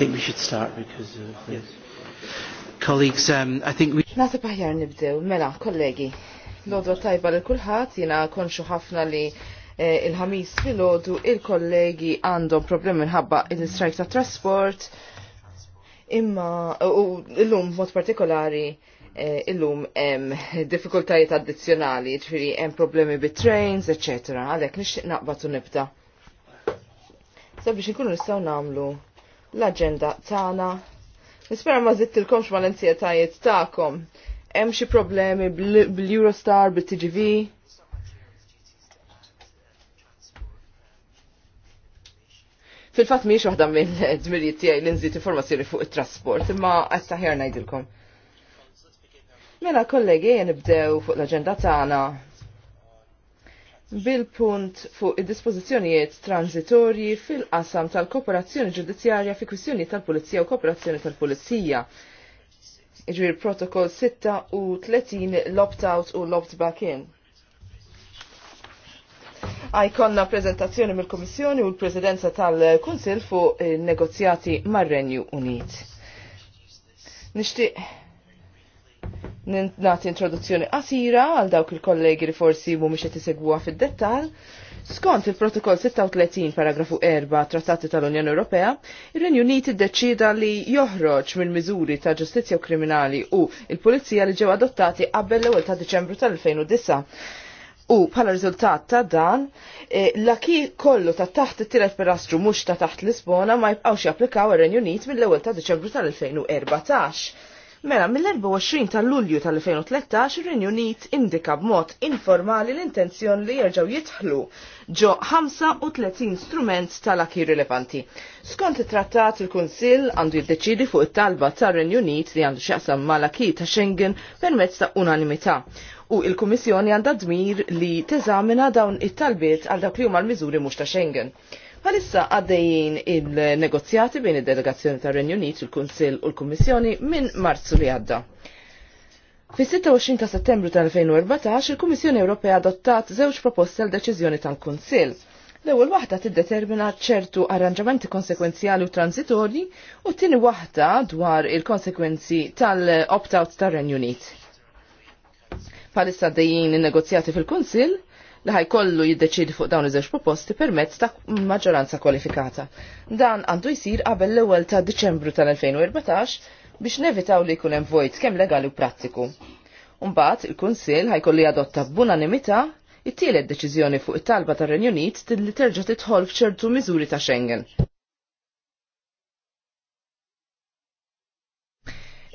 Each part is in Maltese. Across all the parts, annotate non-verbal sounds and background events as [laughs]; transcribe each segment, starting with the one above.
think we should start because of uh, yes. colleagues. Um, I think we. Nasib aħjar nibdew, mela, kollegi. Lodwa tajba li kulħadd jiena konxu ħafna li eh, il-ħamis fil-ħodu il-kollegi għandhom problemi minħabba il strike ta' trasport imma u l-lum mod partikolari eh, illum hemm diffikultajiet addizzjonali, ġifieri hemm problemi bit-trains, eċetera, għalhekk nixtieq naqbad u nibda. Sabiex inkunu nistgħu nagħmlu l-agenda tagħna. Nispera ma zittilkomx ma l-anzjetajiet tagħkom. Hemm xi problemi bl-Eurostar, bit-TGV? Fil-fatt miex waħda mill-dmirijiet [laughs] tiegħi li nżid informazzjoni fuq it-trasport, imma qed taħjar ngħidilkom. Mela kollegi nibdew fuq l-aġenda tagħna bil-punt fuq id-dispożizzjonijiet transitorji fil-qasam tal-kooperazzjoni ġudizzjarja fi kwistjoni tal-Pulizija u kooperazzjoni tal-Pulizija. Iġbir protokoll 6 u 30 l-opt-out u l-opt back in. Għajkonna prezentazzjoni mill-Komissjoni u l-Presidenza tal-Kunsil fuq negozjati mar-Renju Unit. Nishtiq nati introduzzjoni qasira għal dawk il-kollegi li forsi mhumiex qed isegwuha fid-dettall. Skont il-protokoll 36 paragrafu 4 trattati tal-Unjoni Ewropea, ir-Renju Unit iddeċida li joħroġ mill-miżuri ta' ġustizzja u kriminali u il-Pulizija li ġew adottati qabel l-ewwel ta' Diċembru tal-2009. U bħala riżultat ta' dan, eh, l-aki kollu ta' taħt it-tielet perastru mhux ta' taħt Lisbona ma jibqgħux japplikaw ir-Renju Unit mill-ewwel ta' Diċembru tal-2014. Mela, mill-24 ta' Lulju tal-2013 ir-Renju Unit indika b'mod informali l-intenzjon li jerġgħu jitħlu ġo 35 strument tal-akir rilevanti. Skont it-trattat il-Kunsill għandu jiddeċidi fuq it-talba tar-Renju Unit li għandu xaqsam mal-akir ta' Schengen permezz ta' unanimità u il-Kummissjoni għandha dmir li teżamina dawn it-talbiet għal dak li huma l-miżuri mhux ta' Schengen. Għalissa għaddejjien il-negozjati bejn id-delegazzjoni tar renju Unit, il-Kunsill u l-Kummissjoni minn Marzu li għadda. Fis-26 ta' Settembru tal-2014 il-Kummissjoni Ewropea adottat żewġ proposti tal deċiżjoni tal-Kunsill. L-ewwel waħda tiddetermina ċertu arranġamenti konsekwenzjali u transitorji u t-tieni waħda dwar il-konsekwenzi tal-opt-out tar renju Unit. Palissa dejjien in-negozjati fil-Kunsill, li ħajkollu jiddeċidi fuq dawn iż-żewġ proposti permezz ta' maġġoranza kwalifikata. Dan għandu jsir qabel l-ewwel ta' Diċembru tal-2014 biex nevitaw li jkun hemm vojt kemm legali u prattiku. Mbagħad il-Kunsill ħajkollu jadotta b'unanimità it-tielet deċiżjoni fuq it-talba tar-Renju Unit li terġa' tidħol f'ċertu miżuri ta' Schengen.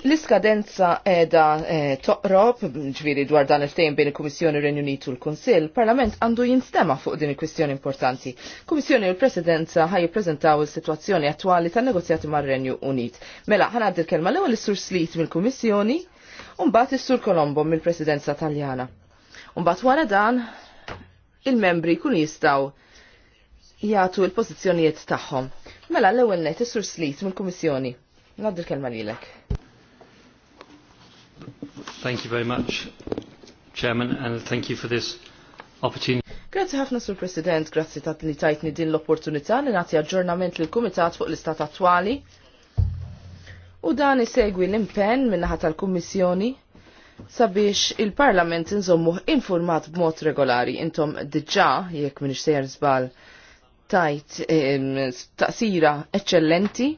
L-iskadenza edha eh, toqrob, ġviri dwar dan il-tejn bejn il-Kummissjoni Renju Unitu l konsil Parlament għandu jinstema fuq din il-kwistjoni importanti. Kummissjoni u l-Presidenza ħaj jippreżentaw il-situazzjoni attwali tan negozjati mar renju Unit. Mela, ħanad il-kelma l-ewwel is-Sur Slit mill-Kummissjoni, u mbagħad is-Sur Kolombo mill-Presidenza Taljana. U mbagħad wara dan il-membri kun jistgħu jagħtu l-pożizzjonijiet tagħhom. Mela l-ewwel net is-Sur Slit mill-Kummissjoni. Ngħaddi l-kelma lilek. Thank you very much, Chairman, and thank you for this opportunity. Grazzi ħafna sur President, grazzi ta' li tajtni din l-opportunità li nagħti aġġornament lill kumitat fuq l-istat attwali. U dan isegwi l-impenn min-naħa tal-Kummissjoni sabiex il-Parlament inżommu informat b'mod regolari intom diġà jekk minix sejjer żbal tajt taqsira eccellenti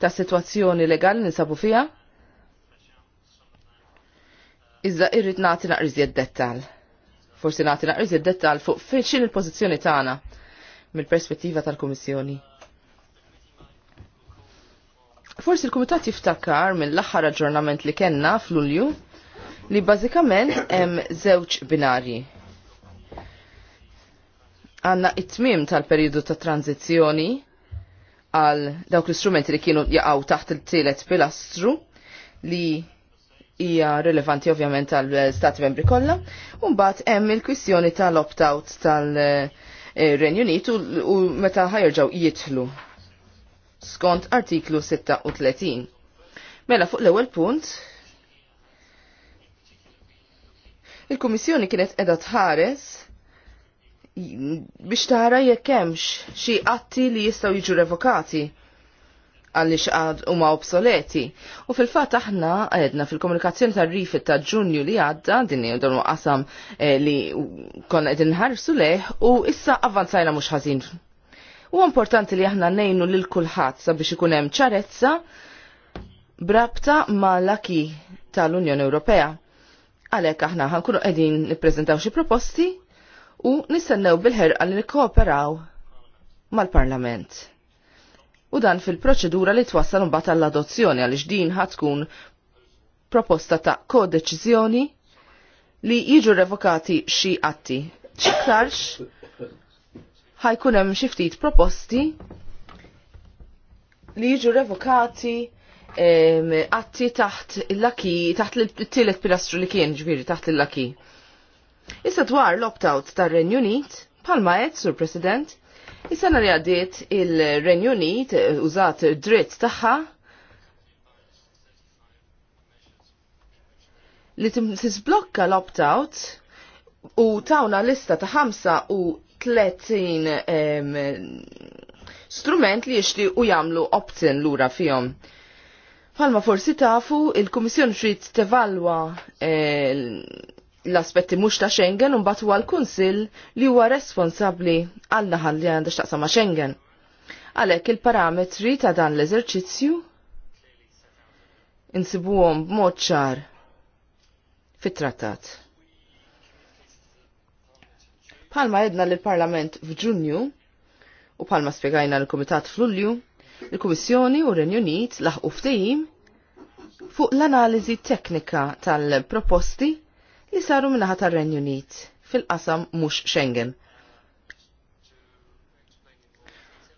ta' situazzjoni legali ninsabu fija Iżda irrid nagħti naqriżjed dettal. Forsi nagħti naqriżjed dettal fuq fejn xin il-pożizzjoni tagħna mill-perspettiva tal-Kummissjoni. Forsi l-Kumitat jiftakar mill-aħħar aġġornament li kellna fl-Ulju li bażikament hemm żewġ binarji. Għanna it-tmim tal-periodu ta' tranzizjoni għal dawk l-istrumenti li kienu jaqgħu taħt il-tielet pilastru li hija rilevanti ovvjament tal-Stati membri kollha, u mbagħad hemm il-kwistjoni tal-opt-out tal-Renju Unit u meta ħajerġgħu jitlu skont artiklu 36. Mela fuq l-ewwel punt il-Kummissjoni kienet qiegħda tħares biex tara jekk hemmx xi atti li jistgħu jiġu revokati għalix għad huma obsoleti. U fil-fat aħna għedna fil-komunikazzjoni tar rifit ta' ġunju li għadda, din dan qasam eh, li konna qegħdin nħarsu leħ u issa avvanzajna mhux ħażin. U importanti li aħna nejnu lil kulħadd sabiex ikun hemm ċarezza brabta mal-laki tal-Unjoni Ewropea. Għalhekk aħna ħankunu qegħdin nippreżentaw xi proposti u nistennew bil-ħerqa li nikkooperaw mal-Parlament u dan fil-proċedura li twassal mbagħad għall-adozzjoni għaliex din ħatkun proposta ta' kodeċiżjoni li jiġu revokati xi atti. Ċiktarx ħajkun hemm xi ftit proposti li jiġu revokati atti taħt il-laki, taħt il-tielet pilastru li kien ġviri taħt il-laki. Issa dwar l-opt-out tar-Renju Unit, palma qed, Sur President, Is-sena li għaddiet il-Renju Unit eh, użat dritt tagħha li tisblokka l-opt-out u tawna lista ta' u 30 strument li jixti u jamlu opt-in lura fihom. Palma forsi tafu, il-Kummissjoni trid tevalwa eh, l-aspetti mhux ta' Schengen un huwa l-Kunsill li huwa responsabbli għal naħal li għandax x'taqsam ma' Schengen. Għalhekk il-parametri ta' dan l-eżerċizzju insibuhom b'mod ċar fit-trattat. Palma jedna l-Parlament f'Ġunju u palma spiegajna l-Komitat f'Lulju, il-Kummissjoni u r Renjonit laħ uftijim fuq l-analiżi teknika tal-proposti li saru minnaħat tar-Renju Unit fil-qasam mhux Schengen.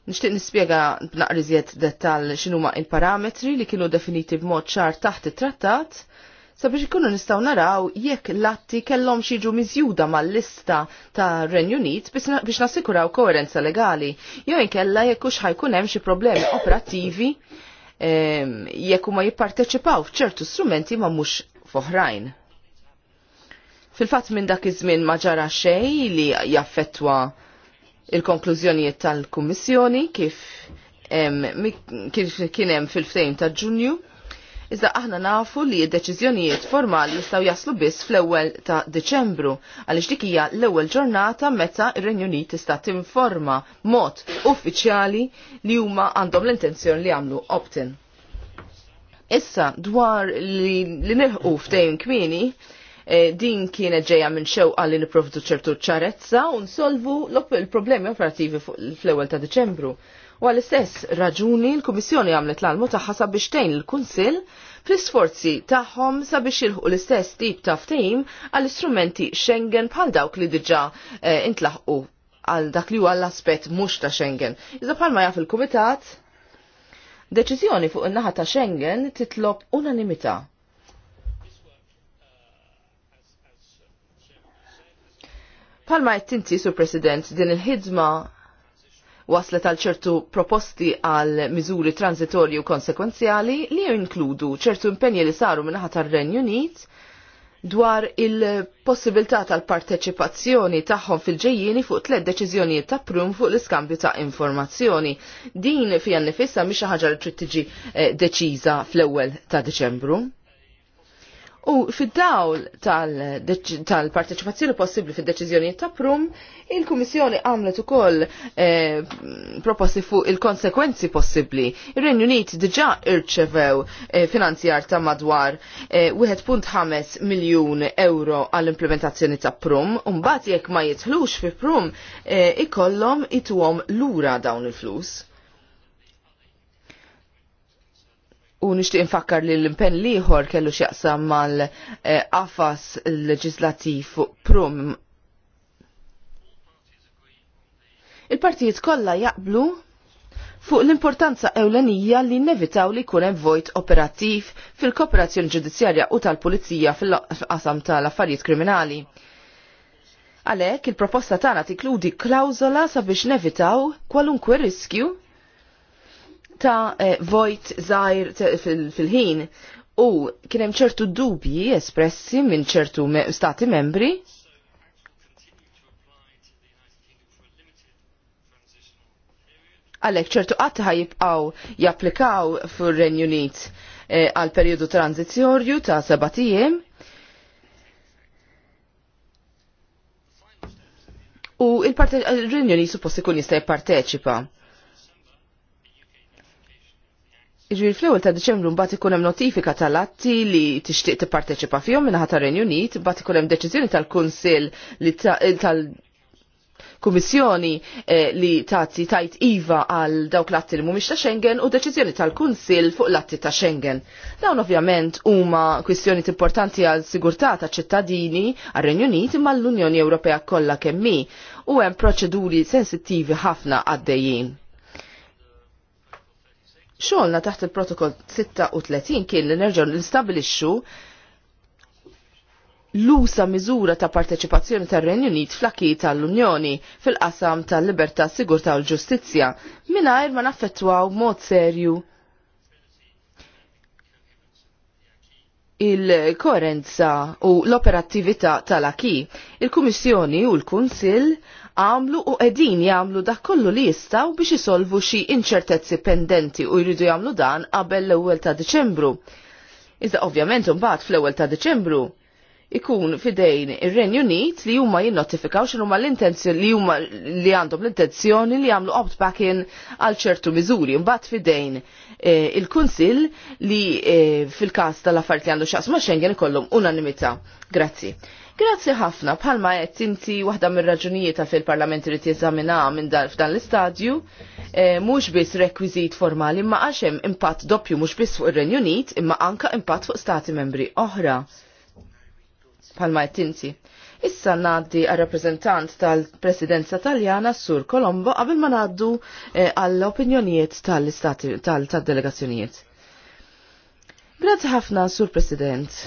Nishtiq nispiega b'naqriżiet dettal x'inhuma il-parametri li kienu definiti b'mod ċar taħt it-trattat sabiex ikunu nistgħu naraw jekk l-atti kellhom jiġu miżjuda mal-lista ta' Renju Unit biex nassikuraw koerenza legali jew inkella jekk hux ħajkun hemm xi problemi operattivi jekk huma jipparteċipaw f'ċertu strumenti ma mhux f'oħrajn. Fil-fatt minn dak iż-żmien ma ġara xejn li jaffettwa il-konklużjonijiet tal-Kummissjoni kif kien hemm fil ftejn ta' Ġunju. Iżda aħna nafu li d-deċiżjonijiet formali jistgħu jaslu biss fl-ewwel ta' Deċembru għaliex dik hija l-ewwel ġurnata meta ir-Renju Unit tista' tinforma mod uffiċjali li huma għandhom l-intenzjoni li jagħmlu opt-in. Issa dwar li, li nilħu ftehim kmieni, Eh, din kienet ġeja minn xewqa li niprovdu ċertu ċarezza u nsolvu l-problemi operativi fl-ewwel ta' Deċembru. U għall istess raġuni l-Kummissjoni għamlet l-almu taħħa sabiex tgħin l-Kunsill fl-isforzi tagħhom sabiex jilħu l-istess tip ta' ftehim għall-istrumenti Schengen bħal dawk li diġà eh, intlaħqu għal dak li huwa l-aspett mhux ta' Schengen. Iżda bħalma jaf il-Kumitat, deċiżjoni fuq in-naħa ta' Schengen titlob unanimità Palma jittinti su Sur President, din il-ħidma waslet għal ċertu proposti għal miżuri transitorju konsekwenzjali li jinkludu ċertu impenji li saru minnaħa tar-Renju Unit dwar il-possibilità tal-parteċipazzjoni tagħhom fil-ġejjieni fuq tliet deċiżjonijiet ta' prum fuq l-iskambju ta' informazzjoni. Din fija nifissa mhix ħaġa li trid tiġi eh, deċiża fl-ewwel ta' Deċembru. U fid-dawl tal-parteċipazzjoni possibbli fid-deċiżjonijiet ta' Prum, il-Kummissjoni għamlet ukoll eh, proposti fuq il-konsekwenzi possibbli. Ir-Renju Unit diġà irċevew eh, finanzjar ta' madwar 1.5 eh, miljun euro għall-implementazzjoni ta' Prum, u mbagħad jekk ma jitħlux fi Prum ikollhom ituhom lura dawn il-flus. U nishtiq infakkar li l-impenn liħor kellu xjaqsam mal-qafas leġislativ prum. Il-partijiet kollha jaqblu fuq l-importanza ewlenija li nevitaw li kunem vojt operattiv fil-kooperazzjoni ġudizzjarja u tal-pulizija fil-qasam tal-affarijiet kriminali. Għalek, il-proposta tagħna tikludi klawzola sabiex nevitaw kwalunkwe riskju ta' eh, vojt zaħir fil-ħin u kienem ċertu dubji espressi minn ċertu stati membri għalek ċertu qatt jibqaw japplikaw fur renju Unit eh, għal periodu tranzizjorju ta' sabatijem U il-Renju Unit suppost ikun jista' jipparteċipa. Iġviri fl-ewwel ta' Deċembru mbagħad ikun hemm notifika tal-atti li tixtieq tipparteċipa fihom minn ħatar Renju Unit, mbagħad ikun hemm deċiżjoni tal-Kunsill eh, tal kummissjoni eh, li tagħti tajt iva għal dawk l-atti li mhumiex ta' Schengen u deċiżjoni tal-Kunsill fuq l-atti ta' Schengen. Dawn ovvjament huma kwistjoni importanti għal sigurtà ta' ċittadini għar Renju Unit imma l-Unjoni Ewropea kollha kemm u hemm proċeduri sensittivi ħafna għaddejjin Xolna taħt il-protokoll 36 kien li nerġgħu nistabilixxu l-usa miżura ta' parteċipazzjoni tar renju Unit fl-akki tal-Unjoni fil-qasam tal-libertà, sigurtà u l-ġustizzja mingħajr ma naffettwaw mod serju il-koerenza u l-operattività tal-aki. Il-Kummissjoni u l-Kunsill il koerenza u l operattività tal aki il kummissjoni u l kunsill għamlu u edin jagħmlu dak kollu li jistgħu biex isolvu xi inċertezzi pendenti u jridu jagħmlu dan qabel l-ewwel ta' Diċembru. Iżda ovvjament imbagħad fl-ewwel ta' Diċembru ikun fidejn ir-Renju Unit li huma jinnotifikaw x'inhu l-intenzjoni li huma li għandhom l-intenzjoni li jagħmlu opt back in għal ċertu miżuri mbagħad fidejn eh, il-Kunsill li eh, fil-każ tal-affarijiet li għandu x'aqsma Schengen ikollhom unanimità. Grazzi. Grazzi ħafna, bħalma qed inti waħda mir-raġunijiet fil-Parlament irid jeżamina minn dar f'dan l-istadju, eh, mhux biss rekwiżit formali imma għax hemm impatt doppju mhux biss fuq ir-Renju Unit imma anka impatt fuq stati membri oħra. Bħalma qed inti. Issa naddi għal rappreżentant tal-Presidenza Taljana Sur Kolombo qabel ma naddu eh, għall opinjonijiet tal-delegazzjonijiet. Grazzi ħafna Sur President.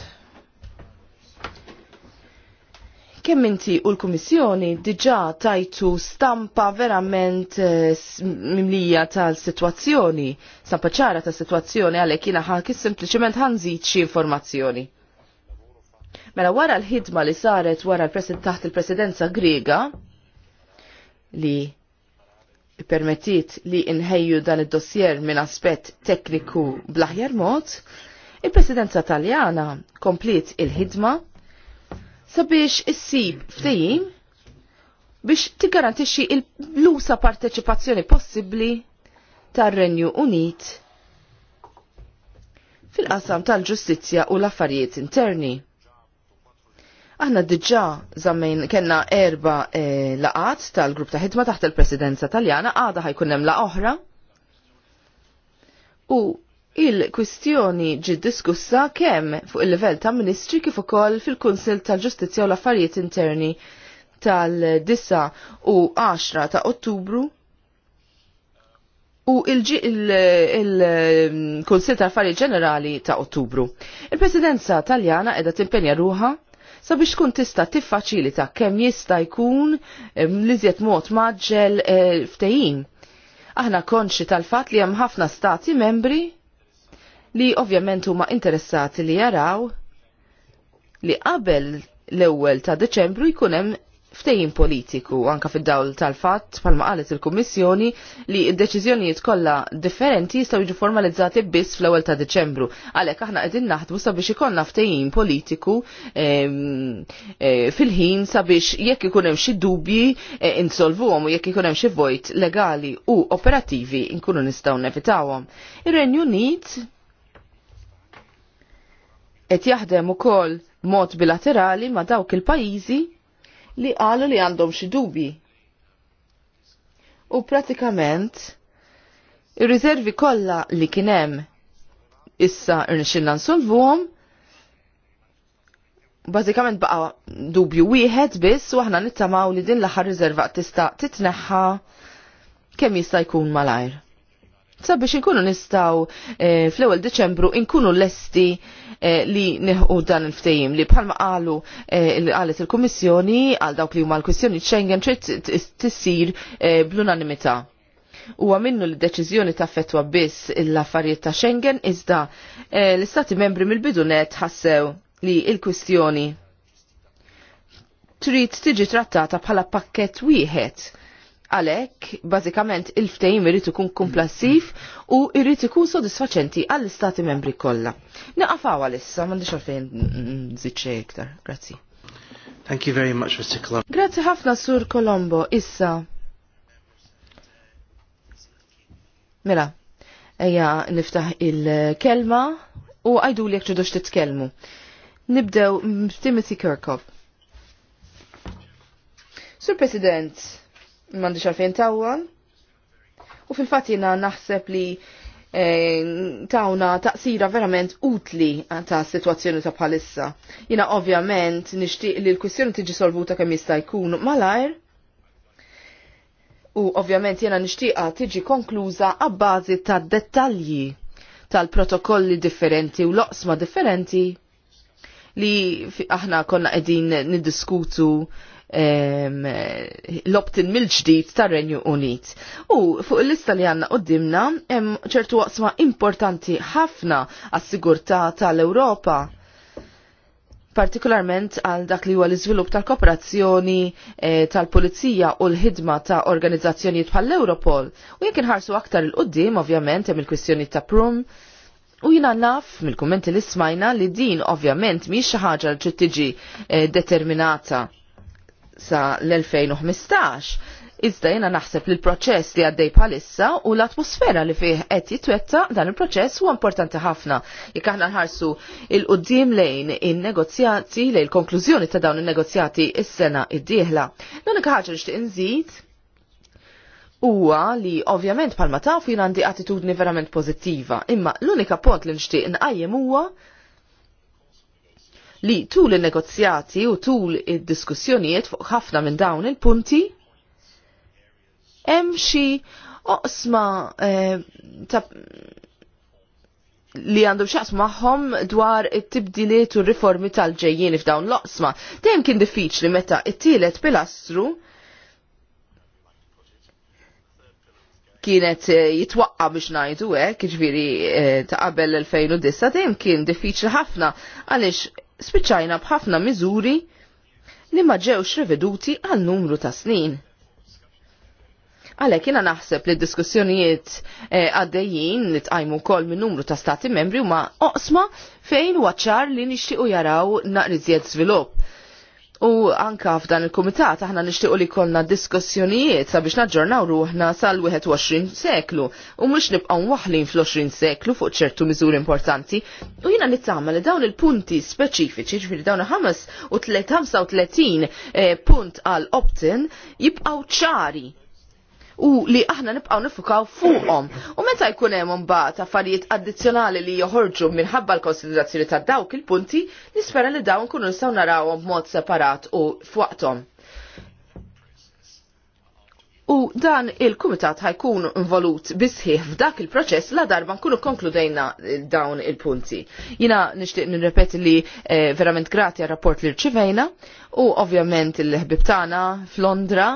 kemm inti u l-Kummissjoni diġà tajtu stampa verament eh, mimlija tal-sitwazzjoni, stampa ċara tas-sitwazzjoni għalhekk jiena ħakis sempliċement ħanżid xi informazzjoni. Mela wara l-ħidma li saret wara taħt il-presidenza Griega li permettit li inħejju dan id-dossier minn aspett tekniku blaħjar mod, il-presidenza Taljana kompliet il-ħidma sabiex issib ftejjim biex tigarantixxi l-lusa parteċipazzjoni possibbli tar-Renju Unit fil-qasam tal-ġustizzja u l-affarijiet interni. Aħna diġà zammin kellna erba eh, laqat tal-grupp ta' ħidma taħt il-Presidenza Taljana għada ħajkun hemm la oħra. U Il-kwistjoni ġi diskussa kemm fuq il-livell ta' ministri kif ukoll fil-Kunsil tal-Ġustizzja u l-Affarijiet Interni tal-9 u 10 ta' Ottubru u il-Kunsil tal-Affarijiet Ġenerali ta' Ottubru. Il-Presidenza Taljana qiegħda timpenja ruħa sabiex tkun tista tiffaċilita kemm jista' jkun liżjed mod maġġel eh, ftehim. Aħna konxi tal-fatt li hemm ħafna stati membri li ovvjament huma interessati li jaraw li qabel l-ewwel ta' Deċembru jkun hemm ftehim politiku anka fid-dawl tal-fatt palma qalet il-Kummissjoni li d-deċiżjonijiet kollha differenti jistgħu jiġu formalizzati biss fl-ewwel ta' Deċembru. Għalhekk aħna qegħdin naħdmu sabiex ikollna ftehim politiku ehm, e, fil-ħin sabiex jekk ikun hemm xi dubji e, insolvuhom u jekk ikun hemm xi vojt legali u operattivi nkunu nistgħu nevitawhom. Ir-Renju Unit qed jaħdem ukoll mod bilaterali ma' dawk il-pajjiżi li qalu li għandhom xi dubi. U pratikament ir-riservi kollha li kien hemm issa rnexxinna nsolvuhom Bażikament baqa dubju wieħed biss u aħna nittamaw li din l-aħħar riserva tista' titneħħa kemm jista' jkun malajr sabiex inkunu nistaw eh, fl-ewwel Deċembru inkunu lesti eh, li neħu dan il-ftejim li bħalma qalu eh, qalet il-Kummissjoni għal dawk li huma l-kwistjoni Schengen trid tissir bl-unanimità. Huwa minnu deċizjoni deċiżjoni fetwa biss l-affarijiet ta' Schengen iżda l-Istati membri mill-bidunet ħassew li il-kwistjoni trid tiġi trattata bħala pakkett wieħed Għalek, bazikament, il-ftejim irrit ikun komplassiv u irrit ikun sodisfaċenti għall-istati membri kollha. Naqafaw għal-issa, mandi xorfejn zitxie iktar. Grazzi. Thank you very much, Mr. Colombo. Grazzi ħafna, Sur Colombo. Issa. Mela, eja niftaħ il-kelma u għajdu li jekċudux titkelmu. Nibdew Timothy Kirkov. Sur President, mandi xarfien tawan. U fil-fatina naħseb li e, tawna taqsira verament utli ta' situazzjoni ta' bħalissa. Jina ovvjament nishtiq li l-kwistjoni tiġi solvuta kemm jista' jkun malajr. U ovvjament jena nishtiqa tiġi konkluża għabbażi ta' dettalji tal-protokolli differenti u loqsma differenti li aħna konna edin niddiskutu l-optin mill-ġdid tar renju Unit. U fuq il-lista li għanna qoddimna hemm ċertu waqsma importanti ħafna għas-sigurtà tal-Ewropa partikolarment għal dak li huwa l-iżvilupp tal-kooperazzjoni eh, tal-Pulizija u l-ħidma ta' organizzazzjonijiet bħall europol U jekk inħarsu aktar il qoddim ovvjament hemm il-kwistjoni ta' Prum, U jina naf mill-kummenti li smajna li din ovvjament miex xi ħaġa li tiġi eh, determinata sa l-2015. Iżda jena naħseb li l-proċess li għaddej palissa u l-atmosfera li fih qed jitwetta dan il-proċess huwa importanti ħafna. Jekk aħna nħarsu il-qudiem lejn in-negozjati lejn konklużjoni ta' dawn in-negozjati is-sena id-dieħla. L-unika ħaġa li xtieq inżid huwa li ovvjament palma taf jien għandi attitudni verament pożittiva, imma l-unika pont li nixtieq nqajjem huwa li tul il-negozjati u tul il-diskussjonijiet fuq ħafna minn dawn il-punti hemm xi oqsma eh, ta' li għandhom xaqs maħħom dwar it-tibdiliet u riformi tal-ġejjien f'dawn l-oqsma. Dejjem kien diffiċli meta it-tielet pilastru kienet eh, jitwaqqa biex najdu hekk, ġviri jiġifieri, eh, ta' qabel 2009, dejjem kien diffiċli ħafna għaliex Spiċajna bħafna miżuri li ma ġewx riveduti għal numru ta' snin. Għalek jina naħseb li diskussjonijiet eh, għaddejjien li tqajmu kol minn numru ta' stati membri u ma' oqsma fejn waċċar li nixtiqu jaraw naqriżjed svilup. U anka f'dan il-komitat aħna nixtiequ li konna diskussjonijiet sabiex naġġornaw ruħna sal-21 seklu u mhux nibqgħu waħlin fl-20 seklu fuq ċertu miżur importanti. U jiena nittama li dawn il-punti speċifiċi, ġifieri dawn ħames u 35 eh, punt għal opt-in jibqgħu ċari u li aħna nibqaw nifukaw fuqhom. U meta jkun hemm imbagħad affarijiet addizzjonali li joħorġu minħabba l-konsiderazzjoni ta' dawk il-punti, nispera li dawn nkunu nistgħu narawhom b'mod separat u fuqhom. U dan il-kumitat ħajkun involut bisħiħ f'dak il-proċess la darba nkunu konkludejna eh, dawn il-punti. Jina nishtiq nirrepet li eh, verament grati għal rapport li rċivejna u ovvjament il ħbibtana f'Londra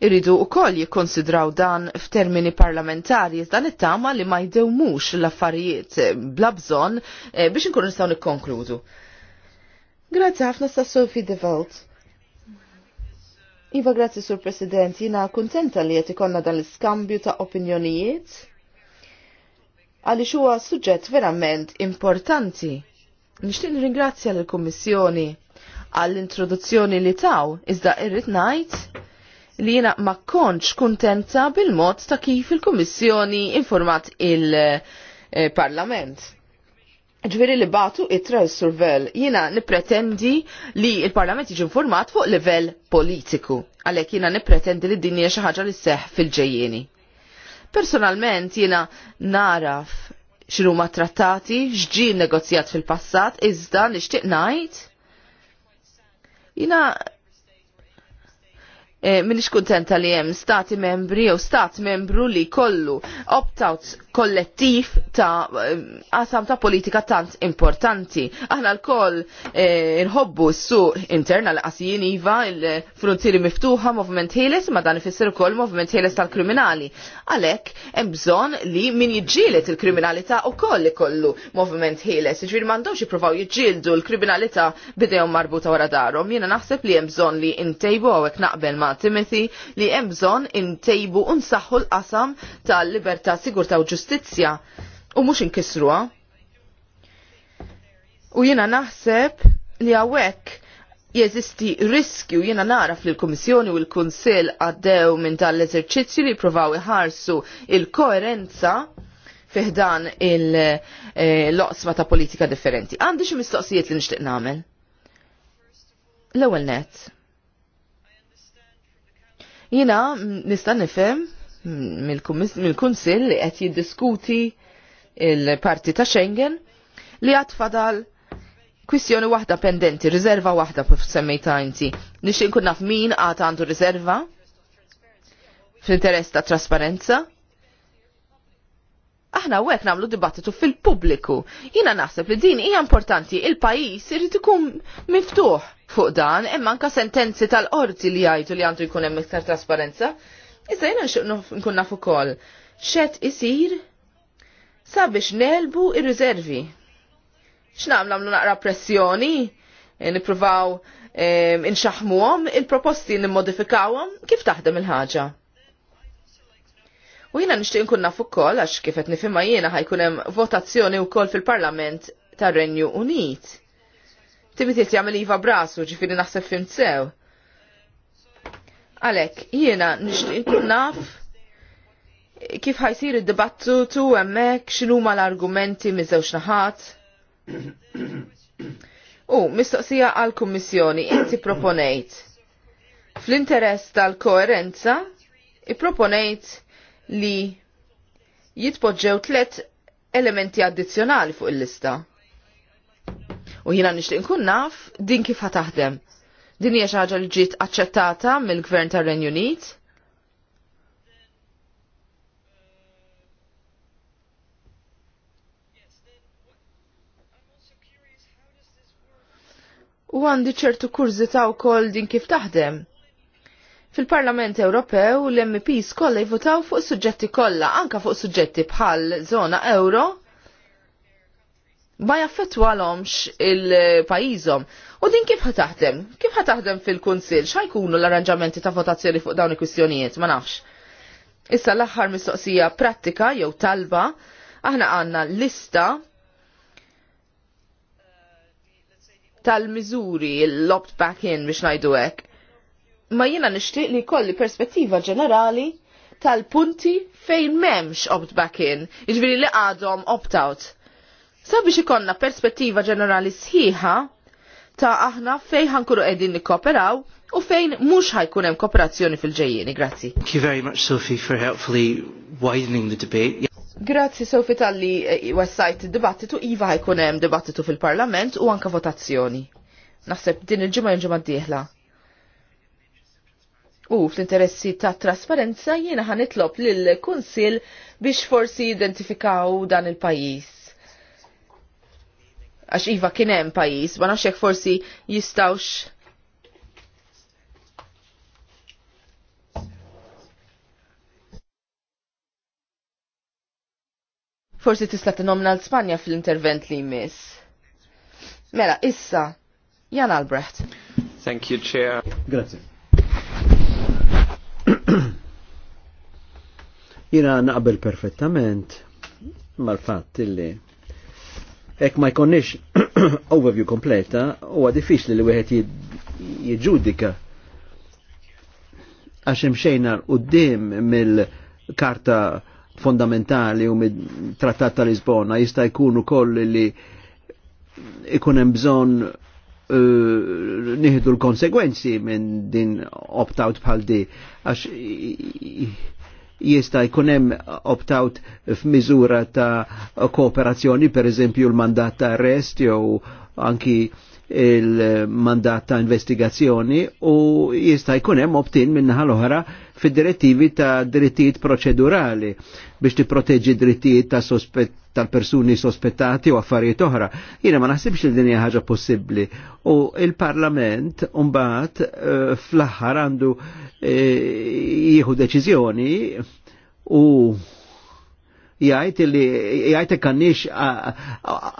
Irridu u koll jikonsidraw dan f'termini parlamentari, dan it-tama li ma jdewmux l-affarijiet eh, bla bżon eh, biex nkunu nistaw nikkonkludu. Grazzi ħafna sa' Sophie Devalt. Iva, grazie sur President, jina kontenta li jett ikonna dan l-skambju ta' opinjonijiet. Għalli xuwa suġġett verament importanti. Nishtin ringrazzja l-Kommissjoni għall-introduzzjoni li taw, iżda irrit najt li jena ma konċ kontenta bil-mod ta' kif il-Kommissjoni informat il-Parlament. Ġveri li batu itra s-survel, jina nipretendi li il-Parlament jiġi informat fuq livell politiku, għalek jina nipretendi li dinja xaħġa li seħ fil-ġejjeni. Personalment jina naraf xinu ma trattati, xġi negozjat fil-passat, iżda nishtiq najt. Jina Eh, Minix kuntenta li hemm stati membri jew stat membru li kollu opt-out kollettiv ta' eh, qasam ta' politika tant importanti. Aħna l-koll eh, nħobbu s-suq interna l-qasijin iva, il-frontieri miftuħa, movement ħieles, ma dan ifisser ukoll movement ħieles tal-kriminali. Għalhekk hemm bżonn li min jġilet il-kriminalità li ikollu movement ħieles. Jiġifieri m'għandhomx jippruvaw jiġġieldu l-kriminalità bidejhom marbuta wara darhom. Jiena naħseb li hemm bżonn li ntejbu għawek naqbel ma' ma' Timothy li hemm bżonn intejbu u nsaħħu l-qasam tal-libertà, sigurtà u ġustizzja u mhux inkisruha. U jiena naħseb li hawnhekk jeżisti riskju jiena naraf li l-Kummissjoni u l-Kunsill għaddew minn tal-eżerċizzju li provaw iħarsu il-koerenza fiħdan il-loqsma ta' politika differenti. Għandi xi mistoqsijiet li nixtieq nagħmel. L-ewwel net. Jina nista' nifhem mill-Kunsill li qed jiddiskuti il-parti ta' Schengen li għad fadal kwistjoni waħda pendenti, riserva waħda semmejta inti. Nixin kunnaf naf min għad għandu riserva fl-interess ta' trasparenza aħna wek namlu dibattitu fil-pubbliku. Jina naħseb li din hija importanti il-pajis irid ikun miftuħ fuq dan, imma anka sentenzi tal-qorti li jgħidu li għandu jkun hemm iktar trasparenza. Issa jiena nxuq nkun naf ukoll xed isir sabiex nelbu ir-riservi. X'nam nagħmlu naqra pressjoni, eh, nippruvaw eh, inxaħmuhom, il-proposti nimmodifikawhom, kif taħdem il-ħaġa? U jina nishtiq nkun naf ukoll għax kif qed nifhimha jiena ħajkun hemm votazzjoni wkoll fil-Parlament tar-Renju Unit. Timiet jagħmel iva brasu ġifiri naħseb fim sew. Għalhekk jiena nixtieq nkun naf kif ħajsir id-dibattu tu hemmhekk x'inhuma l-argumenti miż-żewġ naħat. U mistoqsija għal-Kummissjoni inti proponejt fl-interess tal-koerenza i proponejt li jitpoġġew tlet elementi addizzjonali fuq il-lista. U jina nixtieq nkun naf din kif ħataħdem. Din hija xi ħaġa li ġiet aċċettata mill-Gvern tar-Renju Unit. U għandi ċertu kurzita u kol din kif taħdem Fil-Parlament Ewropew l-MPs kollha jvotaw fuq suġġetti kollha, anka fuq suġġetti bħal zona euro, ma jaffettwalhomx il-pajjiżhom. U din kif ħataħdem? Kif ħataħdem fil-Kunsill? Xajkunu l-arranġamenti ta' votazzjoni fuq dawn il-kwistjonijiet? Ma nafx. Issa l-aħħar mistoqsija prattika jew talba, aħna għandna lista tal-miżuri l-opt back in biex ngħidu hekk ma jina nishtiq li kolli perspettiva ġenerali tal-punti fejn memx opt-back in, iġviri li għadhom opt-out. Sabiex ikonna perspettiva ġenerali sħiħa ta' aħna fejn ħankunu qegħdin nikkoperaw u fejn mhux ħajkun hemm kooperazzjoni fil-ġejjieni. Grazzi. Thank you very much Sophie for helpfully widening the debate. Grazzi Sofi tal-li wessajt dibattitu iva ħajkun hemm dibattitu fil-Parlament u anka votazzjoni. Naħseb din il-ġimgħa il d-dieħla. U fl-interessi ta' trasparenza jiena itlob lill-Kunsil biex forsi identifikaw dan il-pajis. Għax iva kien hemm pajis, ma nafx hekk forsi jistawx Forsi tista' tinomna l-Spanja fl-intervent li jmiss. Mela, issa, Jan Albrecht. Thank you, Chair. Grazie. Jina naqbel perfettament mal-fatt illi ek ma jkonniex [clears throat] overview kompleta huwa diffiċli li wieħed jiġġudika għax l qudiem mill-karta fondamentali u mid-trattat ta' Lisbona jista' jkun ukoll li ikun hemm bżonn uh, nieħdu l-konsegwenzi minn din opt-out bħal di għax jista jkun hemm opt-out f'miżura ta' kooperazzjoni, per eżempju l-mandat ta' arrest jew anki il-mandat ta' investigazzjoni u jista' jkun hemm opt-in minnaħa l-oħra fid-direttivi ta' drittijiet proċedurali biex tipproteġi drittijiet ta' sospett tal-persuni sospettati u affarijiet oħra. Jiena ma naħsibx li din hija ħaġa possibbli. U il-Parlament mbagħad eh, fl-aħħar għandu eh, jieħu deċiżjoni u jgħid li jgħajt kannix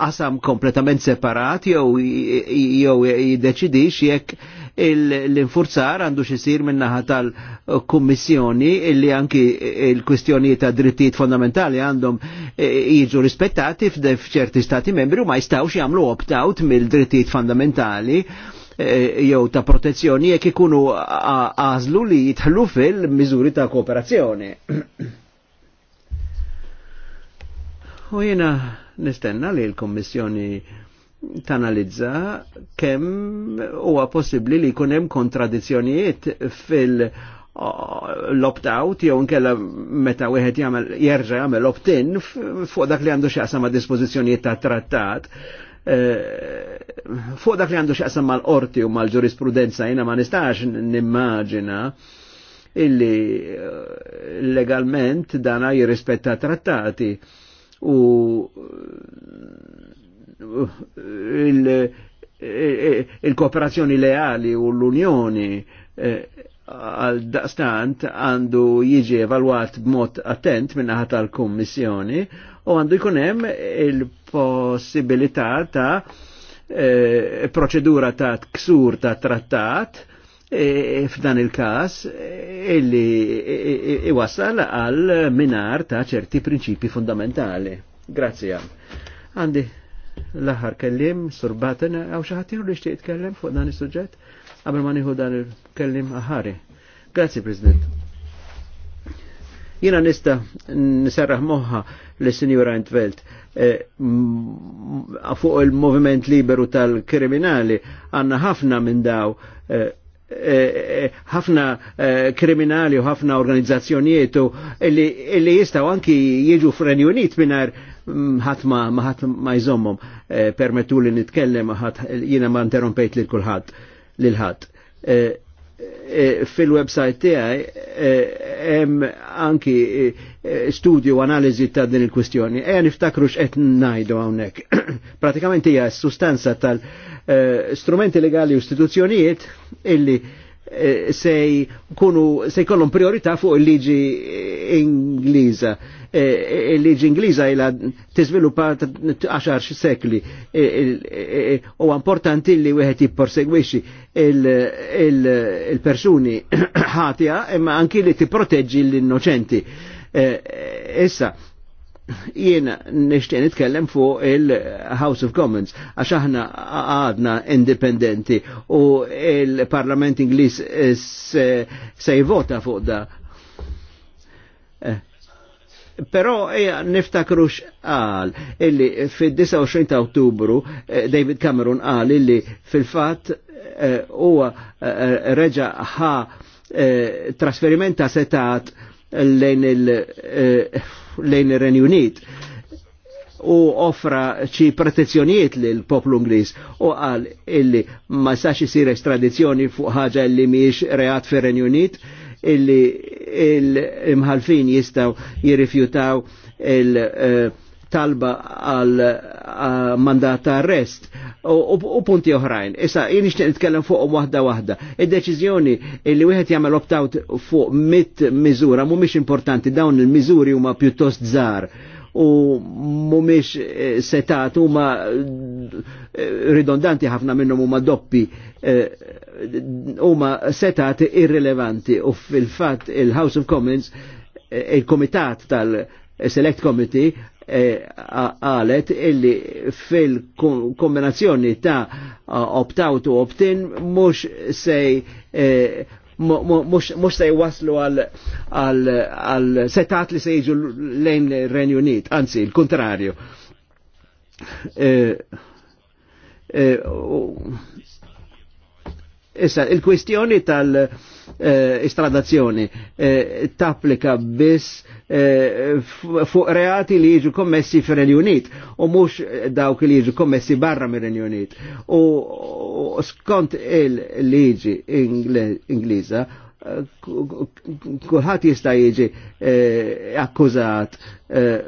qasam kompletament separat jew jew jiddeċidix jekk l-infurzar għandu xisir minnaħa tal-Kommissjoni illi anki il-kwistjoni ta' drittijiet fondamentali għandhom eh, jiġu rispettati f'ċerti stati membri u ma jistawx jagħmlu opt-out mill-drittijiet fondamentali eh, jew ta' protezzjoni jekk ikunu għażlu li jitħlu fil-miżuri ta' kooperazzjoni. [clears throat] U jiena nistenna li l-Kommissjoni tanalizza kemm huwa possibbli li jkun hemm kontradizzjonijiet fil- l-opt-out jew nkella meta wieħed jagħmel jerġa' jagħmel opt-in fuq dak li għandu x'jaqsam ma' dispożizzjonijiet ta' trattat. Eh, fuq dak li għandu x'jaqsam mal-qorti u mal-ġurisprudenza jiena ma nistax nimmaġina illi eh, legalment dana jirrispetta trattati u il-kooperazzjoni il, il leali u l-Unjoni eh, għal eh, daqstant għandu jiġi evalwat b'mod attent minnaħa tal kommissjoni u għandu jkun hemm il-possibilità ta' eh, proċedura ta' ksur ta' trattat eh, f'dan il-kas eh, illi iwassal għal minar ta' ċerti prinċipi fundamentali. Grazie. Andi l-aħħar kellim, surbaten, għaw xaħatiru li xtiq tkellem fuq dan il-sujġet, għabel ma nieħu dan il-kellim aħari. Grazie, President. Jina nista nisarraħ moħħa l senjura Entvelt eh, fuq il-moviment liberu tal-kriminali għanna ħafna minn daw eh, eh, ħafna kriminali u ħafna organizzazzjonijiet li jistaw anki jieġu f'Renju Unit minar Mm, ħat ma ħat ma jżommhom e, permettu li nitkellem ħat jiena ma interrompejt lil kulħadd lil ħadd. E, e, fil-website tiegħi hemm anki studju analiżi ta' din il-kwistjoni. Ejja niftakru x'qed ngħidu hawnhekk. [coughs] Pratikament hija s-sustanza tal-strumenti legali u istituzzjonijiet illi Eh, se kunu sej kollum priorità fuq il-liġi Ingliża. Eh, eh, il-liġi Ingliża ilha tiżviluppa 10 sekli. U importanti li wieħed jipporsegwixxi il-persuni [coughs] ħatija imma anki li tipproteġġi l-innoċenti. Issa, jien nishtiq nitkellem fuq il-House of Commons għax aħna għadna indipendenti u il-Parlament Ingliż eh, se jvota fuq da. Eh, però eja eh, niftakrux għal illi fid-29 ta' Ottubru David Cameron qal illi fil-fatt huwa reġa' ħa trasferiment ta' setat lejn il- lejn ir u offra ċi protezzjonijiet lil poplu Ingliż u qal illi ma sax isir estradizzjoni fuq ħaġa li miex reat fir Renjunit illi l-imħalfin jistaw jirrifjutaw il- uh, talba għal mandat ta' arrest u punti oħrajn. Issa, jien ixtieq nitkellem fuq waħda waħda. Id-deċiżjoni li wieħed jagħmel opt-out fuq mit miżura mhumiex importanti dawn il-miżuri huma pjuttost żgħar u mhumiex eh, setat huma eh, ridondanti ħafna minnhom huma doppi eh, huma setat irrilevanti u fil-fatt il-House of Commons il-Komitat tal- Select Committee E, għalet illi fil-kombinazzjoni ta' opt-out u opt-in mux sej mux se e, waslu għal setat li se jiġu lejn Renju Unit, anzi, il-kontrarju. E, Issa, il-kwestjoni tal-istradazzjoni eh, eh, tapplika biss eh, fuq reati li jiġu kommessi fir Unit u mux dawk li jiġu kommessi barra mir Unit. U skont il-liġi Ingliża, eh, kulħadd jista' jiġi eh, akkużat eh,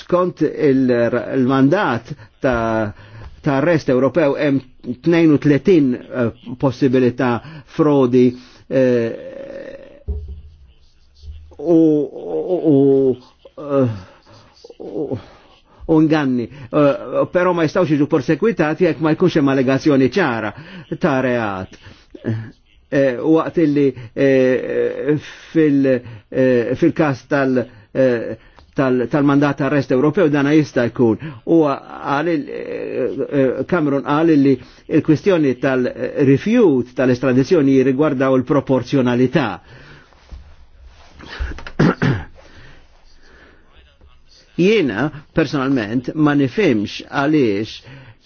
skont il-mandat ta' ta' arrest Ewropew hemm 32 eh, possibilità frodi eh, eh, u u nganni, però ma jistaw jiġu persekwitati jekk ma jkunx hemm allegazzjoni ċara ta' reat waqt illi fil-kas tal- tal-mandat tal arrest Ewropew dana jista' jkun. U eh, eh, Cameron qal li il-kwistjoni tal-rifjut tal-estradizjoni jirrigwardaw il-proporzjonalità. [coughs] Jiena personalment ma nifimx għaliex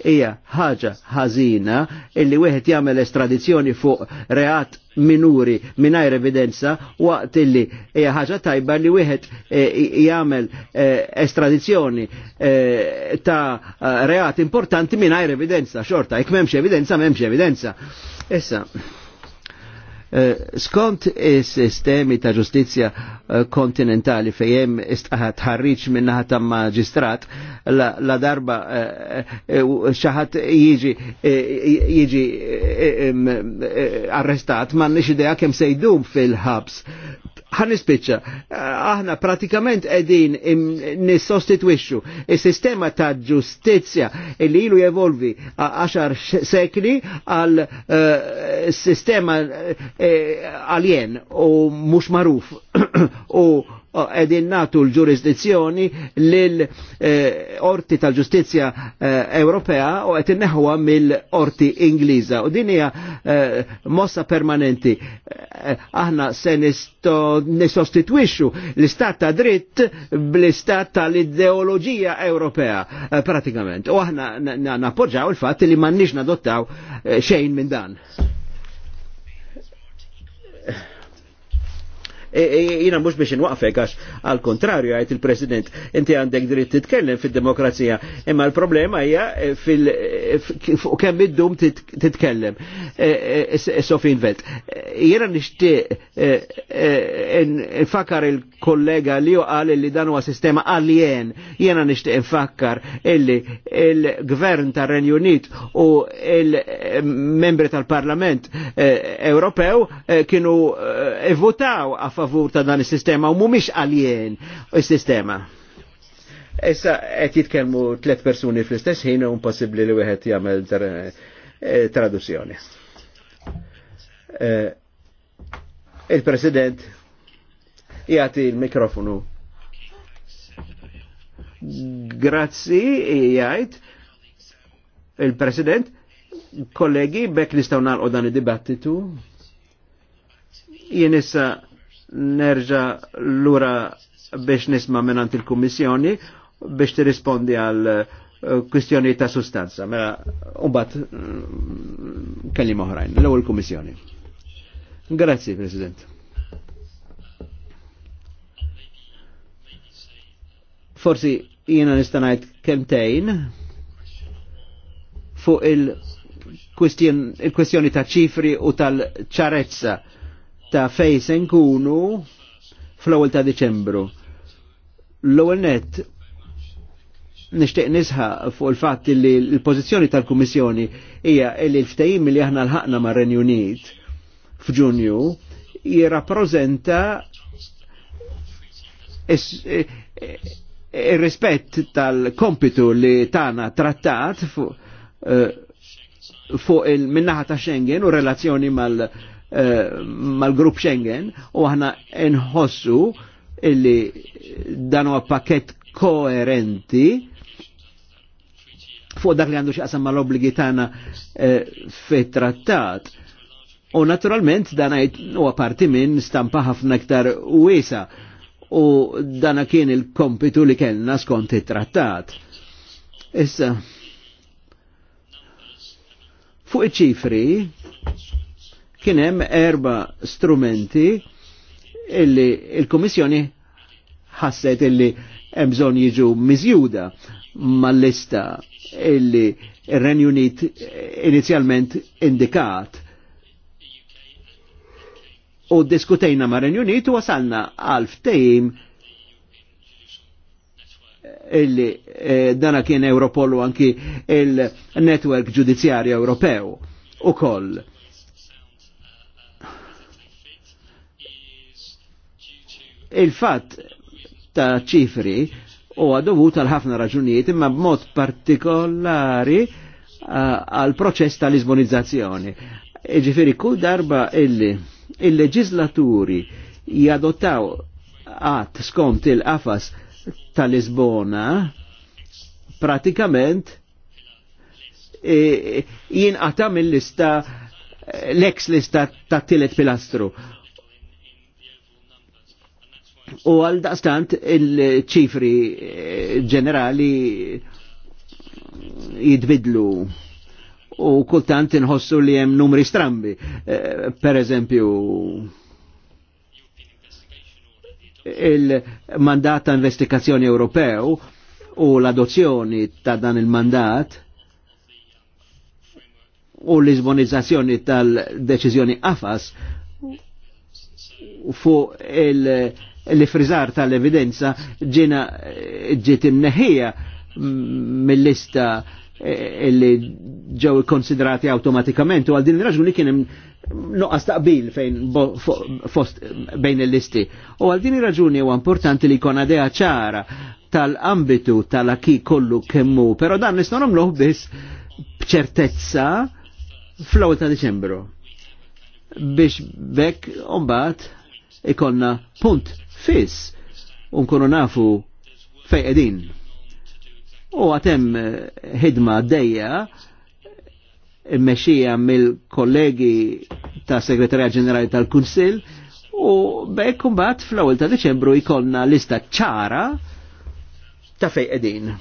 hija ħaġa ħażina illi wieħed jagħmel estradizzjoni fuq reat minuri mingħajr evidenza waqt illi hija ħaġa tajba li wieħed eh, jagħmel eh, estradizzjoni eh, ta' reat importanti mingħajr evidenza xorta, jekk m'hemmx evidenza m'hemmx evidenza. Issa, Eh, skont is-sistemi ta' ġustizzja eh, kontinentali fejjem istaħat ħarriċ minnaħa ta' maġistrat la darba eh, xaħat jiġi jiġi arrestat ma' nix idea kem sejdum fil-ħabs ħan nispiċċa, aħna pratikament edin nissostitwixxu is-sistema ta' ġustizzja li ilu jevolvi 10 sekli għal eh, sistema għaljen eh, u mux maruf [clears throat] u edin natu l-ġurisdizzjoni l-orti eh, tal-ġustizja eh, Ewropea u għet neħwa mill-orti Ingliża. U din hija eh, mossa permanenti. Aħna se nistostitwixxu l-istat ta' dritt bl-istat tal-ideoloġija Ewropea pratikament. U aħna nappoġġaw il-fatt li m'għandniex nadottaw xejn minn dan. E, e, jina mux biex nwaqfek għax għal kontrarju għajt il-President, inti għandek dritt titkellem fil-demokrazija, imma l-problema hija e, fuq kemm id-dum titkellem. Sofin vet jina nishti nfakkar il-kollega li għal li dan huwa sistema alien, jena nishtiq nfakkar illi il-gvern tar renju Unit u il-membri tal-Parlament Ewropew kienu votaw favur ta' dan il sistema u mumiex għaljen il sistema Issa għet jitkelmu tlet personi fl-istess ħin u impossibbli li għet jgħamil eh, traduzzjoni. Eh, Il-President jgħati il-mikrofonu. Grazzi, jgħajt. il-President, kollegi, bekk nistgħu nagħlqu dan id-dibattitu. Jien issa nerġa l-ura biex nisma minnant il kommissjoni biex ti tirrispondi għal eh, kwistjoni ta' sustanza. Mela, umbat mm, kelli moħrajn, l-ewwel Kommissjoni. Grazie, President. Forsi jiena nistanajt kemtejn fuq il-kwistjoni il ta' ċifri u tal-ċarezza ta' fej senkunu nkunu fl-ewwel ta' Diċembru. L-ewwel net nixtieq nisħa fuq il-fatt li l-pożizzjoni tal-Kummissjoni hija li l-ftehim li aħna l-ħaqna mar-Renju Unit f'Ġunju jirrappreżenta ir-rispett tal-kompitu li tana trattat eh, fuq fu il-minnaħa ta' Schengen u relazzjoni mal- mal-grupp Schengen u aħna nħossu illi dan huwa pakett koerenti fuq dak li għandu xaqsam mal obbligi tagħna eh, fit trattat. U naturalment dan huwa parti minn stampa ħafna iktar wiesa u dana kien il-kompitu li kellna skont it-trattat. Issa, fuq iċ-ċifri, kien hemm erba strumenti illi il-Komissjoni ħasset illi hemm bżonn jiġu miżjuda mal-lista illi il renju Unit inizjalment indikat. U diskutejna ma' Renju Unit u wasalna għal ftehim illi eh, dana kien Europol u anki il-Network Ġudizzjarju Ewropew u koll Il-fatt ta' ċifri u għadovut għal ħafna raġunijiet imma b'mod partikolari għal proċess ta' lisbonizzazzjoni. Ġifiri, kull darba illi il-leġislaturi jadottaw għat skont il-qafas ta' Lisbona, pratikament e, e, jinqata mill-lista l-ex lista ta' tilet pilastru. U għal daqstant il-ċifri eh, ġenerali jidbidlu u kultant inħossu li jem numri strambi. Eh, per eżempju, il-mandat ta' investigazzjoni Ewropew u l-adozzjoni ta' dan il-mandat u l-izbonizzazzjoni tal deċizjoni AFAS fuq il- li frizar tal-evidenza ġina ġiet inneħija mill-lista eh, li ġew konsiderati automatikament u għal din raġuni kien hemm noqqas taqbil fejn fost bejn il-listi. U għal din raġuni huwa importanti li jkun għadeha ċara tal-ambitu tal-aki kollu kemmu, pero dan nistgħu nagħmluh biss b'ċertezza fl ta' Diċembru biex bekk umbat ikonna punt fiss unkunu nafu fej edin. U għatem eh, ħidma dejja immexija mill-kollegi ta' segretarja ġenerali tal-Kunsil u bekk mbagħad fl-ewwel ta' Deċembru jkollna lista ċara ta' fej qegħdin.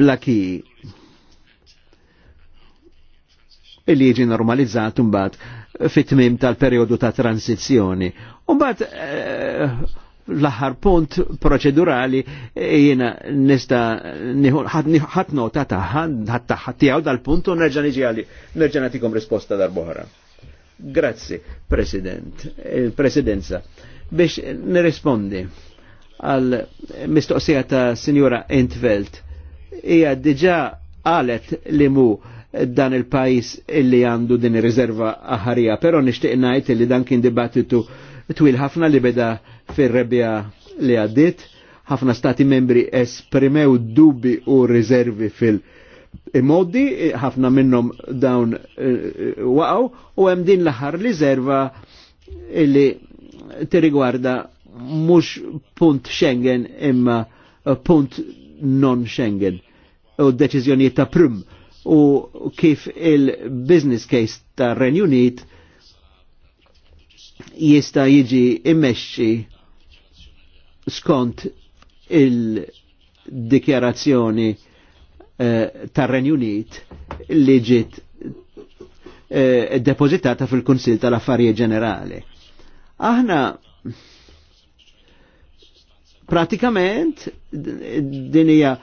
Blaki il jiġi normalizzat mbagħad fit-tmim tal-periodu ta' transizjoni. Umbat, eh, l-aħħar punt proċedurali eh, jiena nista ħat nota taħħa ħat tiegħu dal-punt u nerġa' niġi nerġa' nagħtikom risposta darb'oħra. Grazzi, President, il-Presidenza. Eh, Biex nirrispondi għal mistoqsija ta' Signora Entfeld hija diġà qalet li mu dan il-pajis illi għandu din ir-riserva aħarija, però nixtieq ngħid li dan kien dibattitu twil ħafna li beda fir-rebja li għaddit, ħafna stati membri esprimew dubbi u riservi fil- Imodi, ħafna minnom dawn eh, waqaw, u hemm din l-aħħar riserva illi tirrigwarda mhux punt Schengen imma punt non Schengen u d-deċiżjonijiet ta' prim u kif il-business case ta' Renjunit jista jiġi immexxi skont il-dikjarazzjoni uh, tar Renjunit li ġiet uh, eh, depozitata fil-Kunsil tal-Affarijiet Ġenerali. Aħna pratikament din hija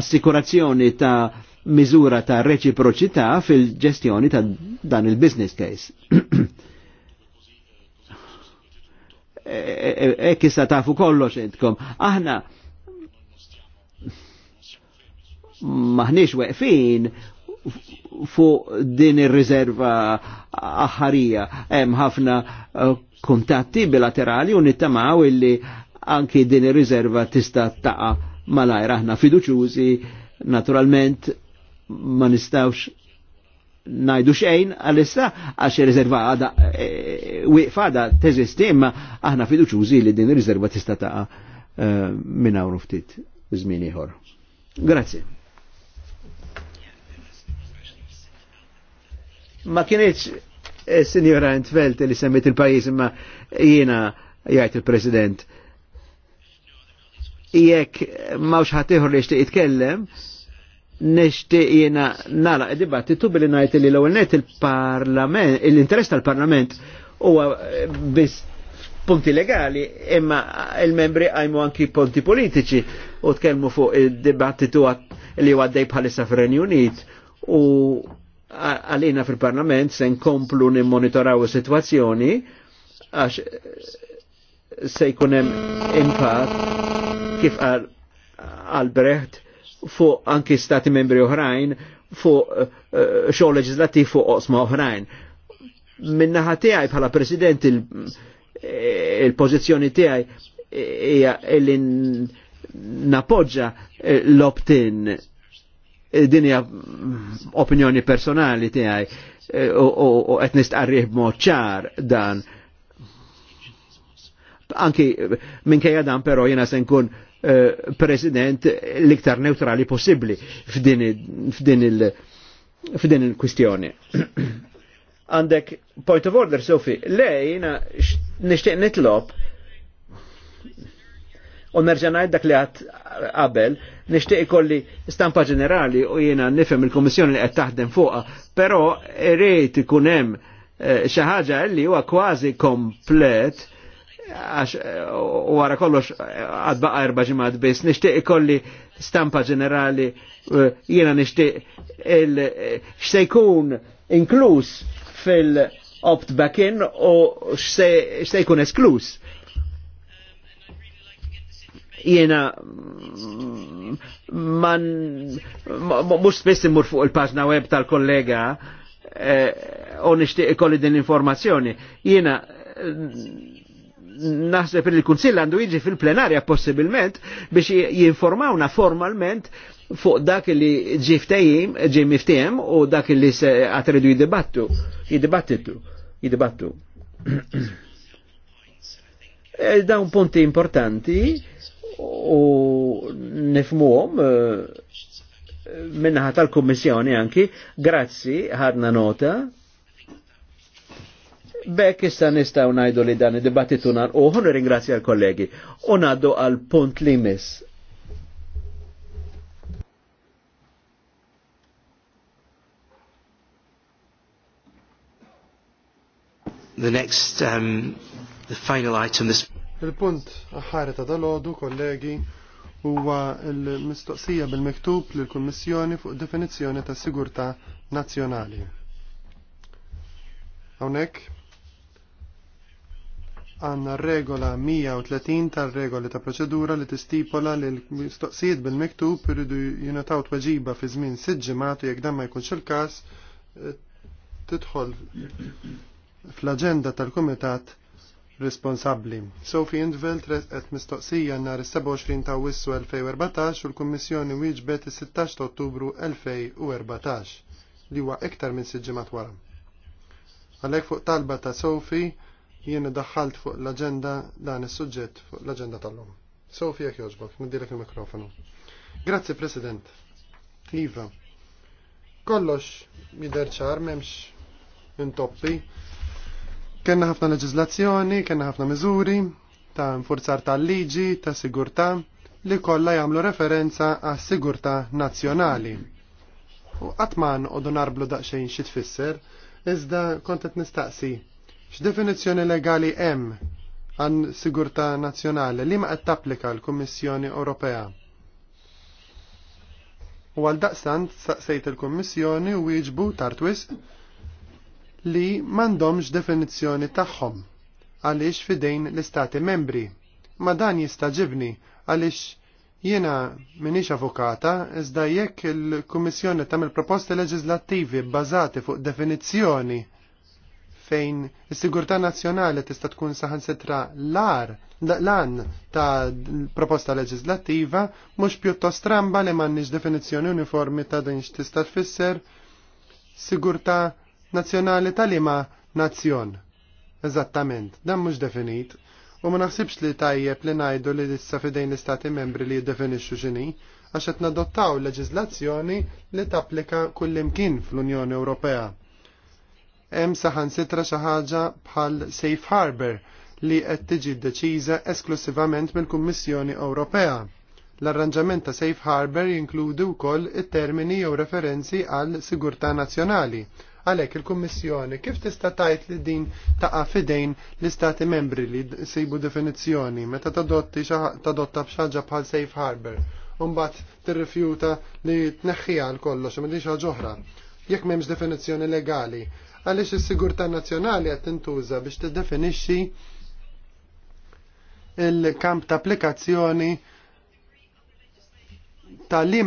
assikurazzjoni ta' miżura ta' reċiproċità fil-ġestjoni ta' dan il-business case. Ekkissa [clears throat] e, e, e, issa tafu kollox intkom. Aħna maħniex weqfin fuq din ir-riserva aħħarija. Hemm ħafna kuntatti bilaterali u nittamaw illi anki din ir-riserva tista' taqa' malajr aħna fiduċjużi naturalment ma nistawx najdu xejn għalissa għax il-rizerva għada e, e wiqfada teżisti imma aħna fiduċużi li din il tista taqa e, minn hawn ftit żmien ieħor. Grazzi. Ma kienieċ Signora Sinjora li semmet il-pajis imma jiena jgħid il-President. Jekk mawx ħatiħor li jixtieq kellem nishtiq jena nala dibattitu billi najt li l-ewwel net il-parlament, l-interess tal-parlament huwa eh, biss punti legali imma il-membri għajmu anki punti politiċi u tkellmu fuq il-dibattitu li għaddej bħalissa fir-Renju Unit u għalina fil-parlament se nkomplu nimmonitoraw is-sitwazzjoni għax eh, se jkun hemm impatt kif għal Albrecht fuq anki stati membri oħrajn fuq uh, xogħol leġislattiv fuq oqsma oħrajn. Minnaħa tiegħi bħala President eh, il-pożizzjoni il tiegħi hija li napoġġa l-opt-in din hija opinjoni personali tiegħi u qed nistqarrih b'mod ċar dan. Anki minkejja dan però jiena se nkun Eh, president l-iktar neutrali possibli f'din il-kwistjoni. [clears throat] Għandek point of order, Sofi, lejna nishtiq nitlob u nerġanaj dak li għat qabel, nishtiq ikolli stampa ġenerali u jena nifem il-Komissjoni li qed taħdem fuqa, però irrid ikun hemm eh, xi ħaġa li huwa kważi komplet għax u għara kollox għadbaqa erba ġimad bis, nishtiq ikolli stampa ġenerali, eh, jena nishtiq il-xsejkun eh, inklus fil-opt back in u xsejkun esklus. Jena mm, man mux spess immur fuq il pagġna web tal-kollega eh, u nishtiq ikolli din informazzjoni Jiena naħseb li l-Kunsill għandu jiġi fil-plenarja possibilment biex jinformawna formalment fuq dak li ġi ftejim, ġi miftijem u dak li se għatridu jidibattu, jidibattitu, jidibattu. [clears throat] e Dawn punti importanti u nifmuhom e, minnaħat tal-Kommissjoni anki, grazzi, ħadna nota Bekk issa nistaw najdu li dan id-dibattitu nar uħu ringrazzja l-kollegi u għal punt li mis. The next, um, the final item this... Il-punt aħħari ta' dalodu, kollegi, huwa l-mistoqsija bil-miktub l kummissjoni fuq definizzjoni ta' sigurta nazzjonali. Hawnhekk għanna regola 130 tal-regoli ta' proċedura li tistipola li l-mistoqsijiet bil-miktub irridu t tweġiba fi żmien sitt u jekk dan ma jkunx il-każ eh, tidħol fl-aġenda tal-kumitat responsabbli. Sofi Indvelt et mistoqsija nhar 27 ta' Wissu 2014 u l-Kummissjoni wieġbet is-16 ta' Ottubru 2014 li huwa iktar minn s ġimgħat wara. Għalhekk fuq talba ta' Sophie jien daħħalt fuq l-agenda dan is-suġġett fuq l-agenda tal-lum. Sofija jekk jogħġbok, nidilek il-mikrofonu. Grazzi President. Iva. Kollox jiderċar, ċar m'hemmx intoppi. Kenna ħafna leġizlazzjoni, kenna ħafna miżuri ta' nfurzar tal-liġi, ta' sigurtà li kollha jagħmlu referenza għas sigurtà nazzjonali. U qatt ma donar narblu daqsxejn xi tfisser, iżda kont qed nistaqsi X'definizzjoni legali hemm għan sigurtà nazzjonali li ma qed tapplika l-Kummissjoni Ewropea? U għal daqstant saqsejt il-Kummissjoni u wieġbu tartwis li m'għandhomx definizzjoni tagħhom għaliex fidejn l-Istati membri. Ma dan jistaġibni għaliex Jiena minix avukata, iżda jekk il-Kummissjoni tagħmel proposti leġislattivi bbażati fuq definizzjoni fejn is-sigurtà nazzjonali tista' tkun saħansitra l-ar l-an ta' proposta leġislattiva mhux pjuttost stramba li m'għandniex definizzjoni uniformi ta' din x'tista' tfisser sigurtà nazzjonali tal-ima nazzjon. Eżattament, dan mhux definit. U ma naħsibx li tajjeb li ngħidu li issa fidejn l-istati membri li jiddefinixxu ġini, għax qed nadottaw leġiżlazzjoni li tapplika kullimkien fl-Unjoni Ewropea hemm saħansitra xi ħaġa bħal safe harbor li qed tiġi deċiża esklusivament mill-Kummissjoni Ewropea. L-arranġament ta' safe harbor jinkludi wkoll it-termini jew referenzi għal sigurtà nazzjonali. Għalhekk il-Kummissjoni kif tista' tajt li din taqa' fidejn l-Istati membri li sejbu definizzjoni meta tadotti tadotta b'xaġa bħal safe harbor. mbagħad tirrifjuta li tneħħiha għal kollox, ma ħaġa oħra. Jekk m'hemmx definizzjoni legali, għaliex is-sigurtà nazzjonali qed tintuża biex tiddefinixxi il-kamp ta' applikazzjoni tal li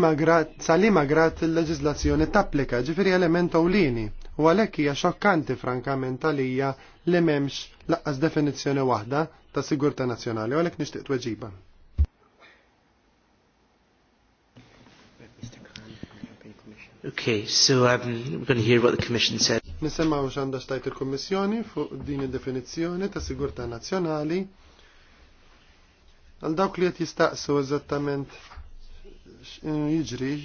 magrat il-leġizlazzjoni tapplika ġifiri element ewlieni u għalhekk hija xokkanti frankament għalija li m'hemmx laqqas definizzjoni waħda ta' sigurta nazzjonali u għalhekk nixtieq tweġiba. Okay, so um, we're going to hear what the Commission said. Nisemmaw xanda xtajt il-Kummissjoni fuq din id-definizzjoni ta' sigurtà nazzjonali għal dawk li qed jistaqsu eżattament jiġri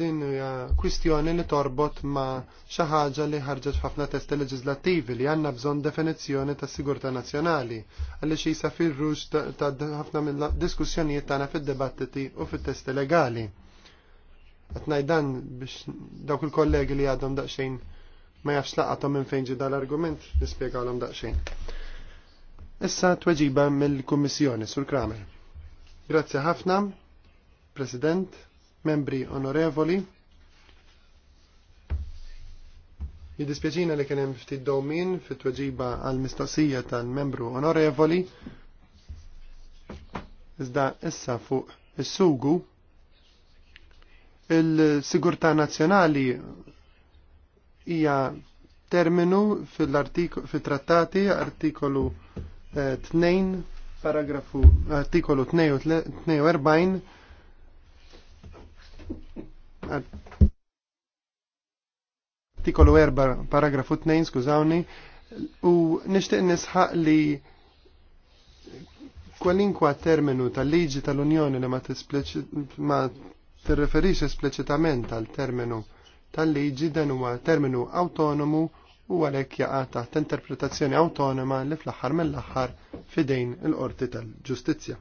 din hija kwistjoni li torbot ma' xi ħaġa li ħarġet f'ħafna testi leġislattivi li għandna bżonn definizzjoni ta' sigurtà nazzjonali għaliex jisa fir-rux ta' ħafna minn diskussjonijiet tagħna fid debattiti u fit-testi legali. Qed dan biex dawk il-kollegi li għadhom daqsxejn Ma jafx laqatom minn fejn ġi dal-argument, nispjegawhom daqsxejn. Issa tweġiba mill-Kummissjoni, Sur Kramer. Grazzi ħafna, President, membri onorevoli. Jiddispjaċina li kienem ftit domin fit-tweġiba għal-mistoqsija tal-membru onorevoli. Iżda issa fuq is-sugu il-sigurtà nazzjonali hija terminu fil-trattati artikolu 2 eh, paragrafu artikolu 42 artikolu 4 paragrafu 2 skużawni u nixtieq nisħaq li kwalinkwa terminu tal-liġi tal-Unjoni li ma tirreferix esplicitament għal terminu tal-liġi dan huwa terminu autonomu u għalhekk jaqa' taħt interpretazzjoni autonoma li fl-aħħar mill-aħħar fidejn il-qorti tal-ġustizzja.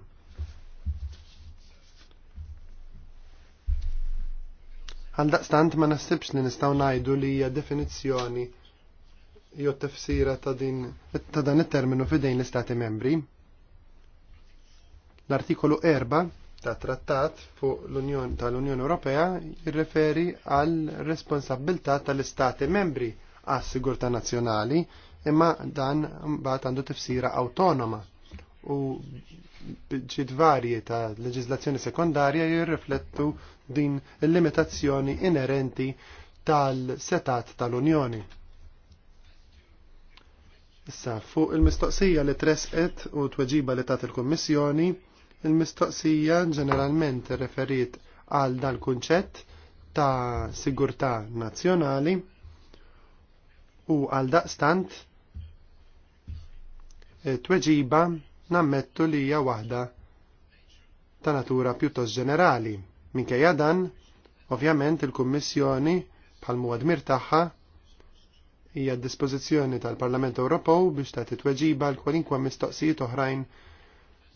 Għaldaqstant ma nasibx li nistgħu ngħidu li hija definizzjoni jew tefsira ta' din ta' dan it-terminu fidejn l-Istati Membri. L-artikolu ta' trattat fuq l-Unjon tal-Unjoni Ewropea jirreferi għal responsabilità tal-Istati membri għas sigurtà nazzjonali imma dan mbagħad għandu tifsira awtonoma u bġid varji ta' leġislazzjoni sekondarja jirriflettu din il-limitazzjoni inerenti tal-setat tal-Unjoni. Issa, fuq il-mistoqsija li tresqet u tweġiba li tat il-Kommissjoni, Il-mistoqsija ġeneralment referiet għal dan kunċett ta' sigurtà nazzjonali u għal daqstant e, tweġiba nammettu li hija waħda ta' natura pjuttost ġenerali. Minkejja dan, ovvjament il-Kummissjoni bħal muadmir tagħha hija d-dispożizzjoni tal-Parlament Ewropew biex tagħti tweġiba l kwalinkwa mistoqsijiet oħrajn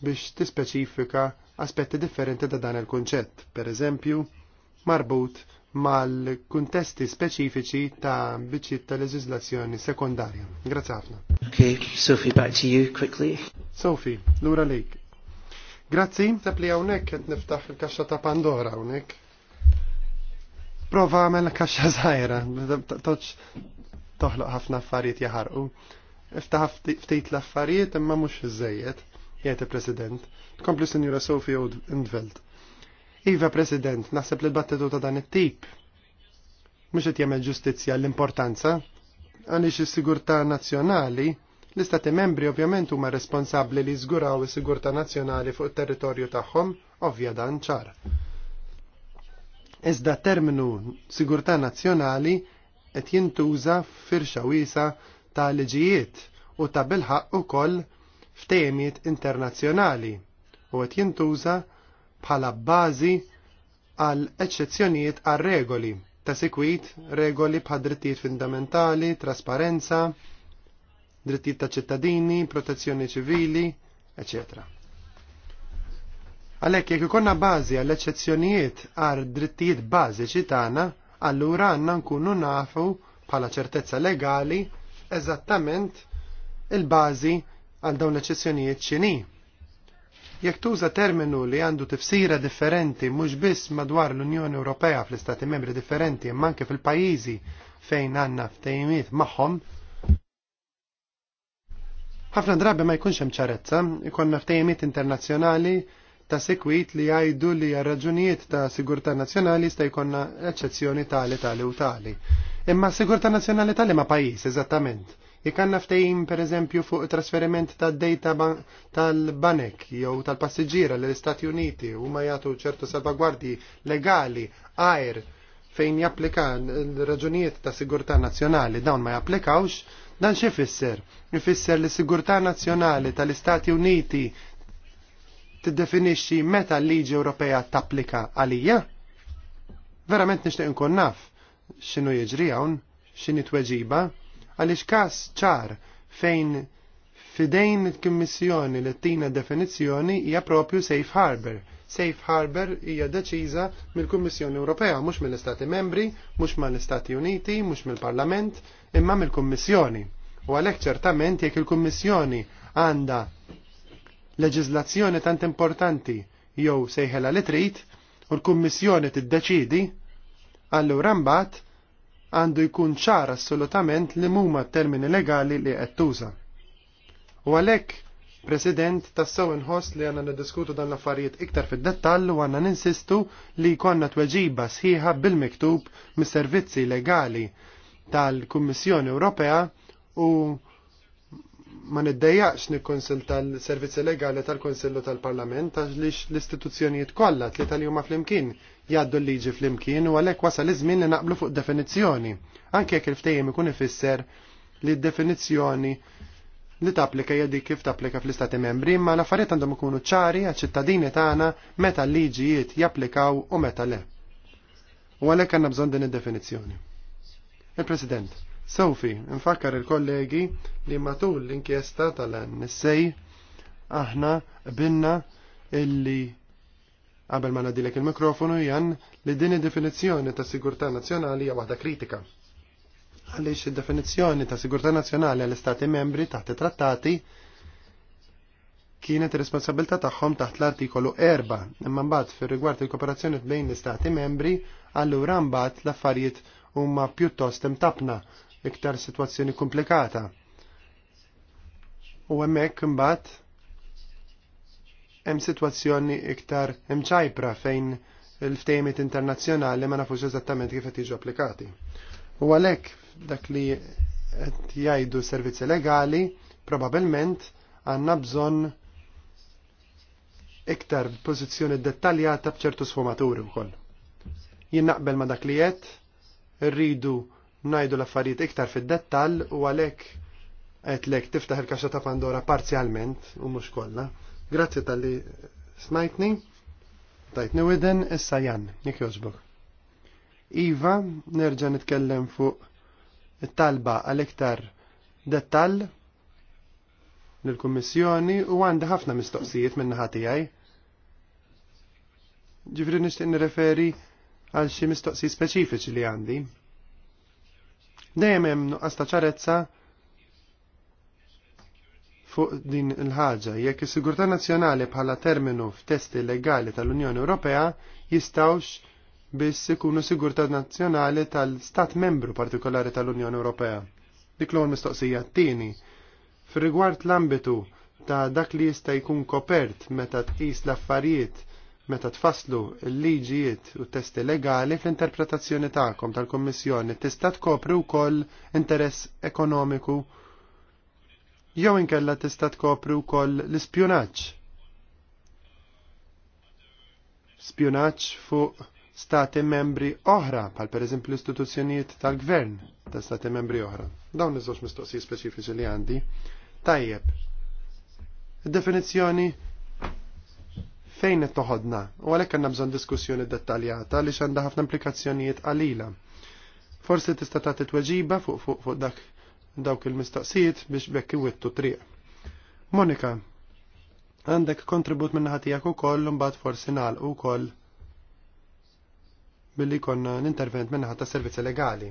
biex tispeċifika aspetti differenti ta' dan il-kunċett, per eżempju, marbut mal-kuntesti speċifiċi ta' biċċiet ta' leġislazzjoni sekundarja. Grazie ħafna. Ok, Sophie, back to you quickly. Sophie, lura lejk. Grazzi, tab li għawnek għed niftaħ il-kaxxa ta' Pandora għawnek. Prova għamel kaxxa zaħira, toċ toħloq ħafna affarijiet jaħarqu. Iftaħ ftit l-affarijiet imma mux iżejjed jgħid il-President. Tkompli Sinjura Sofi Indveld. Iva President, naħseb li l-battitu ta' dan it-tip mhux qed jagħmel ġustizzja l-importanza għaliex is-sigurtà nazzjonali l-istati membri ovvjament huma responsabbli li jżguraw is-sigurtà nazzjonali fuq it-territorju tagħhom, ovvja dan ċar. Iżda terminu sigurtà nazzjonali qed jintuża firxa wiesa ta' liġijiet u ta' bilħaq ukoll ftejmiet internazzjonali u qed jintuża bħala bażi għal eċċezzjonijiet għal regoli ta' sikwit regoli bħal drittijiet fundamentali, trasparenza, drittijiet ta' ċittadini, protezzjoni ċivili, ecc. Għalhekk jekk ikonna bażi għall eċċezzjonijiet għal drittijiet bażiċi tagħna, allura għandna nkunu nafu bħala ċertezza legali eżattament il-bażi għal dawn l-eċezzjonijiet x'inhi. Jekk tuża terminu li għandu tifsira differenti mhux biss madwar l-Unjoni Ewropea fl-Istati membri differenti imma anke fil-pajjiżi fejn għandna ftejmiet magħhom, ħafna drabi ma jkunx hemm ċarezza, ikollna ftejmiet internazzjonali ta' sekwit li jgħidu li raġunijiet ta' sigurtà nazzjonali sta' jkollna eċċezzjoni tali tali u tali. Imma sigurtà nazzjonali tali ma' pajjiż eżattament. Ikanna ftejim per eżempju fuq trasferiment ta' data tal-banek jew tal-passiġġiera l-Istati Uniti u ma jagħtu ċertu salvagwardji legali għajr fejn japplika l-raġunijiet ta' sigurtà nazzjonali dawn ma japplikawx, dan xi fisser? Ifisser li sigurtà nazzjonali tal-Istati Uniti tiddefinixxi meta l-liġi Ewropea tapplika għalija? Verament nixtieq inkun naf x'inhu jiġri hawn, x'inhi tweġiba, għaliex każ ċar fejn fidejn il-Kummissjoni li tina definizzjoni hija propju safe harbor. Safe harbor hija deċiża mill-Kummissjoni Ewropea, mhux mill-Istati Membri, mhux mal-Istati Uniti, mhux mill-Parlament, imma mill-Kummissjoni. U għalhekk ċertament jekk il-Kummissjoni għandha leġiżlazzjoni tant importanti jew sejħela li trid u l-Kummissjoni tiddeċidi, allura mbagħad għandu jkun ċar assolutament li muma termini legali li qed tuża. U għalhekk, President, tassaw nħoss li għanna niddiskutu dan l-affarijiet iktar fid-dettall u għanna ninsistu li jkollna tweġiba sħiħa bil-miktub mis-servizzi legali tal-Kummissjoni Ewropea u ma niddejjaqx nikkonsulta l-servizzi legali tal-Konsillu tal-Parlament għax l-istituzzjonijiet kollha li tal huma flimkien jgħaddu l-liġi flimkien u għalhekk wasal iż-żmien li naqblu fuq definizzjoni. Anke jekk il-ftehim ikun ifisser li d-definizzjoni li tapplika hija dik kif tapplika fl-Istati Membri, imma l-affarijiet għandhom ikunu ċari għaċ-ċittadini tagħna meta l-liġijiet japplikaw u meta le. U għalhekk għandna bżonn din id-definizzjoni. Il-President. Sofi, nfakkar il-kollegi li matul l-inkjesta tal-NSA aħna binna illi qabel ma nadilek il-mikrofonu jan li din id-definizzjoni ta' sigurtà nazzjonali hija waħda kritika. Għaliex id-definizzjoni ta' sigurtà nazzjonali għall istati membri taħt trattati kienet responsabilità tagħhom taħt l-artikolu 4 imma mbagħad fir-rigward il-kooperazzjoni bejn l-istati membri allura mbagħad l-affarijiet huma pjuttost imtabna iktar situazzjoni komplikata. U hemmhekk imbagħad hemm sitwazzjoni iktar imċajpra fejn il-ftejmiet internazzjonali ma nafux eżattament kif qed jiġu applikati. U għalhekk dak li qed jgħidu servizzi legali probabbilment għandna bżonn iktar pożizzjoni dettaljata b'ċertu sfumaturi wkoll. Jien naqbel ma dak li qed irridu najdu l-affarijiet iktar fid-dettall u għalhekk qed lek tiftaħ il-kaxxa ta' Pandora parzjalment u mhux kollha. Grazzi tal-li smajtni, tajtni widen issa Jan, jekk jogħġbok. Iva, nerġa' nitkellem fuq it-talba għal iktar dettall lill-Kummissjoni u għandi ħafna mistoqsijiet minn naħa tiegħi. Ġifri nixtieq nirreferi għal xi mistoqsijiet speċifiċi li għandi. Dejjem hemm nuqqas ta' ċarezza fuq din il-ħaġa jekk is-sigurtà nazzjonali bħala terminu f'testi legali tal-Unjoni Ewropea jistawx biss ikunu sigurtà nazzjonali tal-stat membru partikolari tal-Unjoni Ewropea. Dik l mistoqsija t-tieni. Fir-rigward l-ambitu ta' dak li jista' jkun kopert meta tqis l-affarijiet meta tfasslu l-liġijiet u testi legali fl-interpretazzjoni tagħkom tal-Kommissjoni tista' tkopri wkoll interess ekonomiku jew inkella tista' tkopri wkoll l-ispjunaġġ. Spjunaġġ fuq stati membri oħra, pal pereżempju l-istituzzjonijiet tal-gvern ta' stati membri oħra. Dawn iż-żewġ mistoqsijiet speċifiċi li għandi. Tajjeb. Definizzjoni fejn qed toħodna u għalhekk għandna bżonn diskussjoni dettaljata li għandha ħafna implikazzjonijiet qalila. Forsi tista' tagħti tweġiba fuq fuq fuq dak dawk il-mistaqsijiet biex bekk iwittu triq. Monika, għandek kontribut minn ħatijak ukoll u mbagħad forsi nagħlqu ukoll billi konna n intervent minn ħadd tas servizzi legali.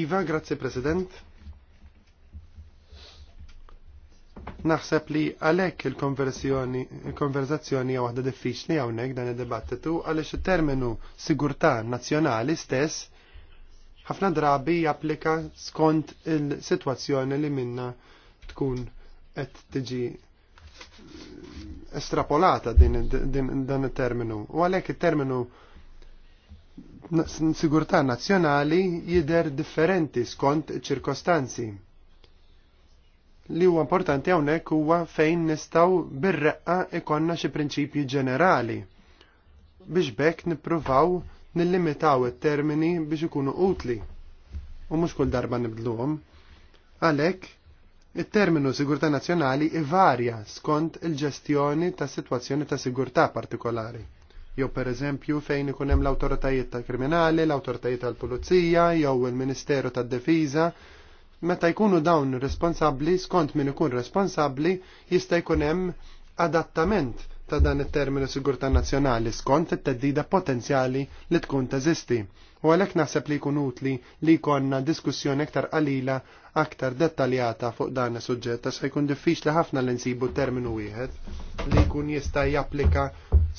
Iva, grazzi President. Naħseb li għalhekk il-konverzazzjoni hija waħda diffiċli hawnhekk dan id-dibattitu għaliex it-terminu sigurtà nazzjonali stess ħafna drabi japplika skont il-sitwazzjoni li minna tkun qed tiġi estrapolata din, din, dan il-terminu. U għalek il-terminu sigurtà nazjonali jider differenti skont ċirkostanzi li huwa importanti hawnhekk huwa fejn nistgħu bir-reqqa ikonna xi prinċipji ġenerali biex bekk nippruvaw nillimitaw it-termini biex ikunu utli u mhux kull darba nibdluhom. Għalhekk it-terminu sigurtà nazzjonali ivarja skont il-ġestjoni ta' sitwazzjoni ta' sigurtà partikolari. Jew pereżempju fejn ikun hemm l-awtoritajiet tal-kriminali, l-awtoritajiet tal-pulizija, jew il-Ministeru tad-Difiża, meta jkunu dawn responsabbli skont min ikun responsabbli jista' jkun hemm adattament ta' dan it-terminu sigurtà nazzjonali skont it-teddida potenzjali li tkun teżisti. U għalhekk naħseb li jkun utli li jkollna diskussjoni aktar qalila aktar dettaljata fuq dan is-suġġett għax jkun diffiċli ħafna li nsibu terminu wieħed li jkun jista' japplika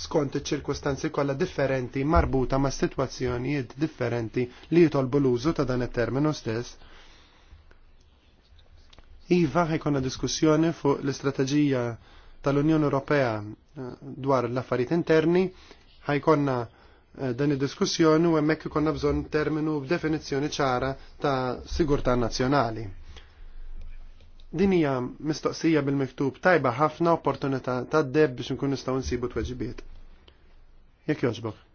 skont iċ-ċirkustanzi kollha differenti marbuta ma' sitwazzjonijiet differenti li jitolbu l-użu ta' dan it-terminu stess Iva ħajkonna diskussjoni fuq l-istrateġija tal-Unjoni Ewropea eh, dwar l-affarijiet interni, ħajkonna eh, dan id-diskussjoni u hemmhekk ikonna bżonn terminu b'definizzjoni ċara ta' sigurtà nazzjonali. Din hija mistoqsija bil-miktub tajba ħafna opportunità ta' deb biex nkun nistgħu nsibu tweġibiet. Jekk jogħġbok.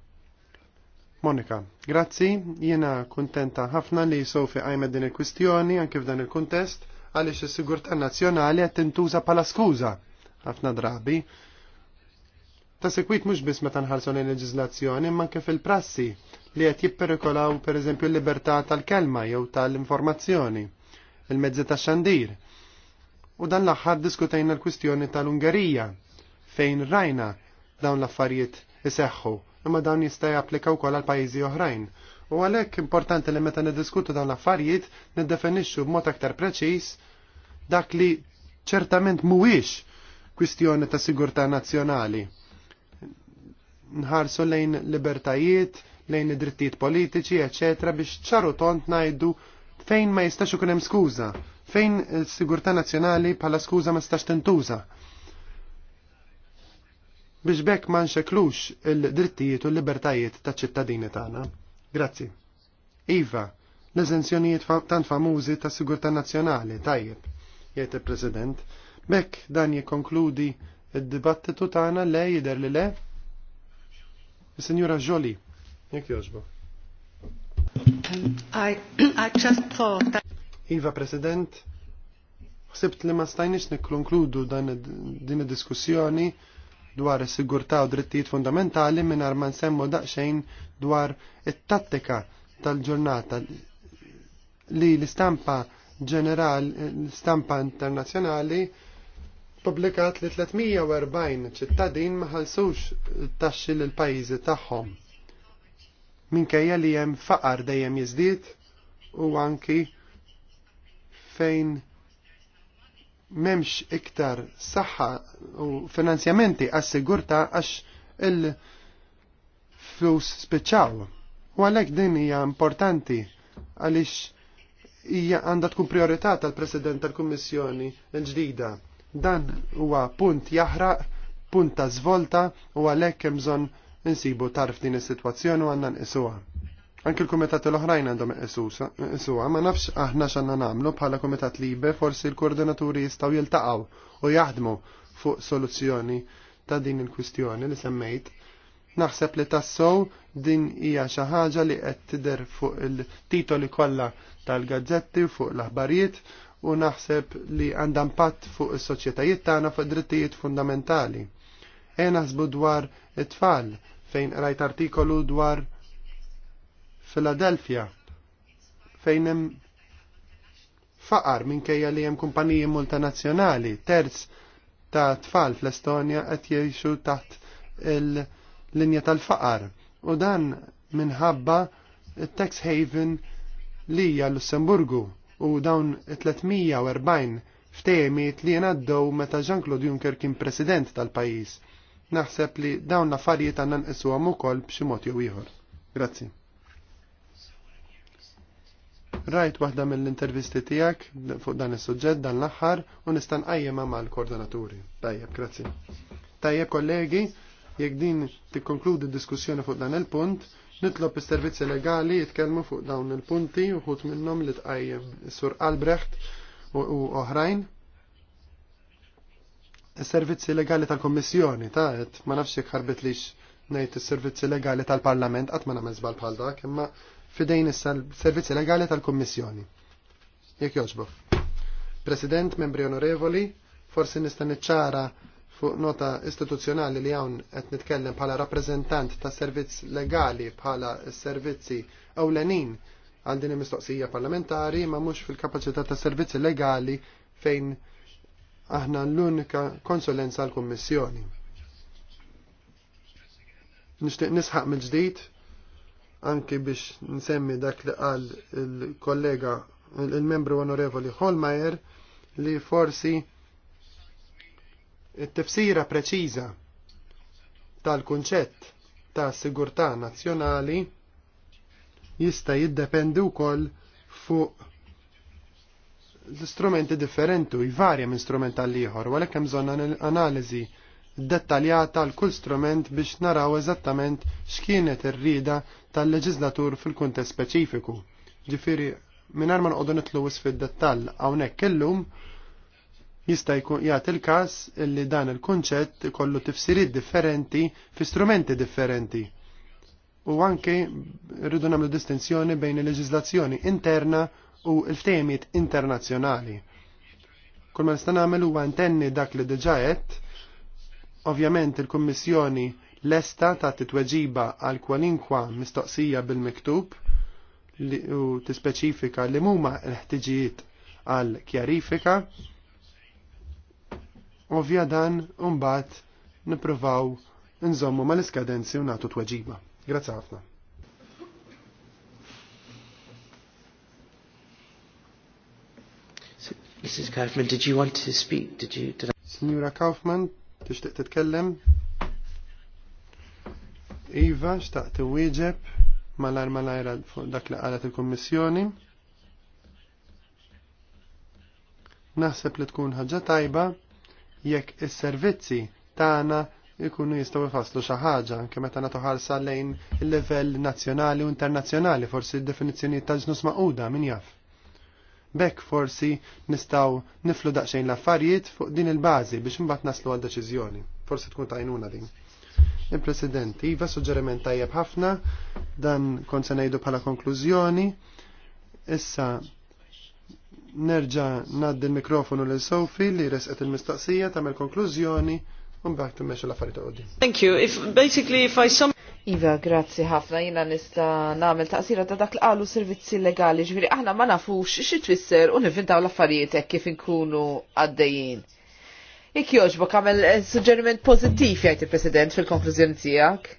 Monika, grazzi, jiena kuntenta ħafna li Sofi għajmed din il-kwistjoni anke f'dan il-kuntest għaliex is sigurta nazzjonali qed tintuża bħala skuża ħafna drabi. Ta' sekwit mhux biss meta nħarsu lejn leġizlazzjoni imma kif fil-prassi li qed jipperikolaw pereżempju l-libertà tal-kelma jew tal-informazzjoni, il-mezzi tax-xandir. U dan l-aħħar l-kwistjoni tal-Ungerija fejn rajna dawn l-affarijiet iseħħu imma dawn jista' japplika wkoll għal pajjiżi oħrajn. U għalhekk importanti li meta niddiskutu dawn l-affarijiet niddefinixxu b'mod aktar preċiż dak li ċertament mhuwiex kwistjoni ta' sigurtà nazzjonali. Nħarsu lejn libertajiet, lejn id-drittijiet politiċi, eċetera, biex ċaru tont ngħidu fejn ma jistax ikun hemm skuża, fejn is-sigurtà nazzjonali bħala skuża ma jistax tintuża biex bekk ma nxeklux il-drittijiet u l-libertajiet ta' ċittadini tagħna. Grazzi. Iva, l-eżenzjonijiet tant famużi ta' sigurta nazjonali, tajjeb, jgħid il-President. Bekk dan jikonkludi il dibattitu tagħna le jidher li le? Signora Joli, jekk jogħġbu. Um, I, [clears throat] I just thought that... Iva President, ħsibt li ma stajniex nikkonkludu din id-diskussjoni dwar is-sigurtà u drittijiet fundamentali mingħajr ma nsemmu daqsxejn dwar it-tattika tal-ġurnata li l-istampa ġeneral, l-istampa internazzjonali publikat li 340 ċittadin ma ħalsux taxxi l pajjiżi tagħhom. Minkejja li hemm faqar dejjem jiżdied u anki fejn memx iktar saħħa u finanzjamenti għas-sigurta għax il-flus speċaw. U għalek din hija importanti għaliex hija għandha tkun priorità tal-President tal-Kummissjoni l-ġdida. Dan huwa punt jaħraq, punt ta' svolta u għalhekk hemm bżonn insibu tarf din is-sitwazzjoni u għandna nqisuha. Anki l-kumitat l-oħrajn għandhom isuha, ma nafx aħna x'għandna nagħmlu bħala kumitat libe forsi l-koordinaturi jistgħu jiltaqgħu u jaħdmu fuq soluzzjoni ta' din il-kwistjoni li semmejt. Naħseb li tassow din hija xi ħaġa li qed tidher fuq il-titoli kollha tal-gazzetti fuq l-aħbarijiet u naħseb li għandha impatt fuq is-soċjetajiet tagħna fuq drittijiet fundamentali. E naħsbu dwar it-tfal fejn rajt artikolu dwar Philadelphia fejn hemm faqar minkejja li hemm kumpaniji multinazzjonali, terz ta' tfal fl-Estonja qed jgħixu taħt il-linja tal-faqar. U dan minħabba tax haven li hija Lussemburgu u dawn 340 ftehimiet li jenaddew meta Jean-Claude Juncker kien president tal-pajjiż. Naħseb li dawn l-affarijiet għandna nqisuhom ukoll b'xi mod jew ieħor. Grazzi. Rajt waħda mill-intervisti tijak fuq dan is-suġġett dan l-aħħar u nistan ma' l koordinaturi Tajjeb, grazzi. Tajjeb kollegi, jekk din tikkonkludi diskussjoni fuq dan il-punt, nitlob is-servizzi legali jitkellmu fuq dawn il-punti u ħut minnhom li tqajjem sur Albrecht u oħrajn. Is-servizzi legali tal-Kommissjoni ta' ma nafx jekk ħarbitlix lix ngħid is-servizzi legali tal-Parlament qatt ma nagħmel żbal bħal dak, imma fidejn is-servizzi legali tal-Kummissjoni. Jekk jogħġbok. President, membri onorevoli, forsi nista' niċċara fuq nota istituzzjonali li hawn qed nitkellem bħala rappreżentant ta' servizz legali bħala s-servizzi ewlenin għal din mistoqsija parlamentari ma mhux fil-kapaċità ta' servizzi legali fejn aħna l-unika konsulenza għal kummissjoni Nixtieq nisħaq mill-ġdid anki biex nsemmi dak li qal il-kollega il-membru onorevoli Holmajer li forsi il tifsira preċiża tal-kunċett ta' sigurtà nazzjonali jista' jiddependi wkoll fuq l-istrumenti differenti u jvarja minn strument tal ieħor għalhekk hemm bżonn analiżi dettaljata l kull strument biex naraw eżattament x'kienet ir-rida tal-leġislatur fil-kuntest speċifiku. Ġifieri mingħajr ma nqogħdu nitlu fid-dettall hawnhekk illum jista' jkun jagħti il-każ illi dan il-kunċett ikollu tifsiriet differenti fi strumenti differenti. U anke rridu nagħmlu distinzjoni bejn il-leġiżlazzjoni interna u l-ftehimiet internazzjonali. Kull ma nista' nagħmel huwa ntenni dak li diġa qed Ovvjament il-Kummissjoni lesta ta' titweġiba għal kwalinkwa mistoqsija bil-miktub u tispeċifika li muma l-ħtiġijiet għal kjarifika. Ovvja dan umbat nipruvaw nżommu mal-iskadenzi u natu tweġiba. Grazzi ħafna. Mrs. Kaufman, did you want to speak? Did you? Did I... Signora Kaufman, Tixtieq titkellem? Iva, xtaqt wieġeb malar malajra fuq dak li qalet il-Kummissjoni. Naħseb li tkun ħaġa tajba jekk is-servizzi tagħna jkunu jistgħu jfasslu xi ħaġa anke meta nagħtu ħarsa lejn il-livell nazzjonali u internazzjonali, forsi d-definizzjonijiet tal-ġnus maquda min jaf. Bekk forsi nistaw niflu daqsxejn l-affarijiet fuq din il-bażi biex imbagħad naslu għal deċiżjoni. Forsi tkun tajnuna din. Il-President, iva suġġeriment tajjeb ħafna, dan kont se ngħidu bħala konklużjoni. Issa nerġa' ngħaddi l-mikrofonu lil Sofi li resqet il-mistaqsija tagħmel konklużjoni u mbagħad timmexxu l-affarijiet qudiem. Thank you. If basically if I sum Iva, grazzi ħafna, jina nista namel taqsira ta' dak l-qalu servizzi legali, ġviri, aħna ma nafux xie twisser u nivindaw l-affarijiet kif inkunu għaddejjien. Ik joġbok għamel eh, suġġeriment pozittif jgħajt il-President fil-konklużjoni tijak.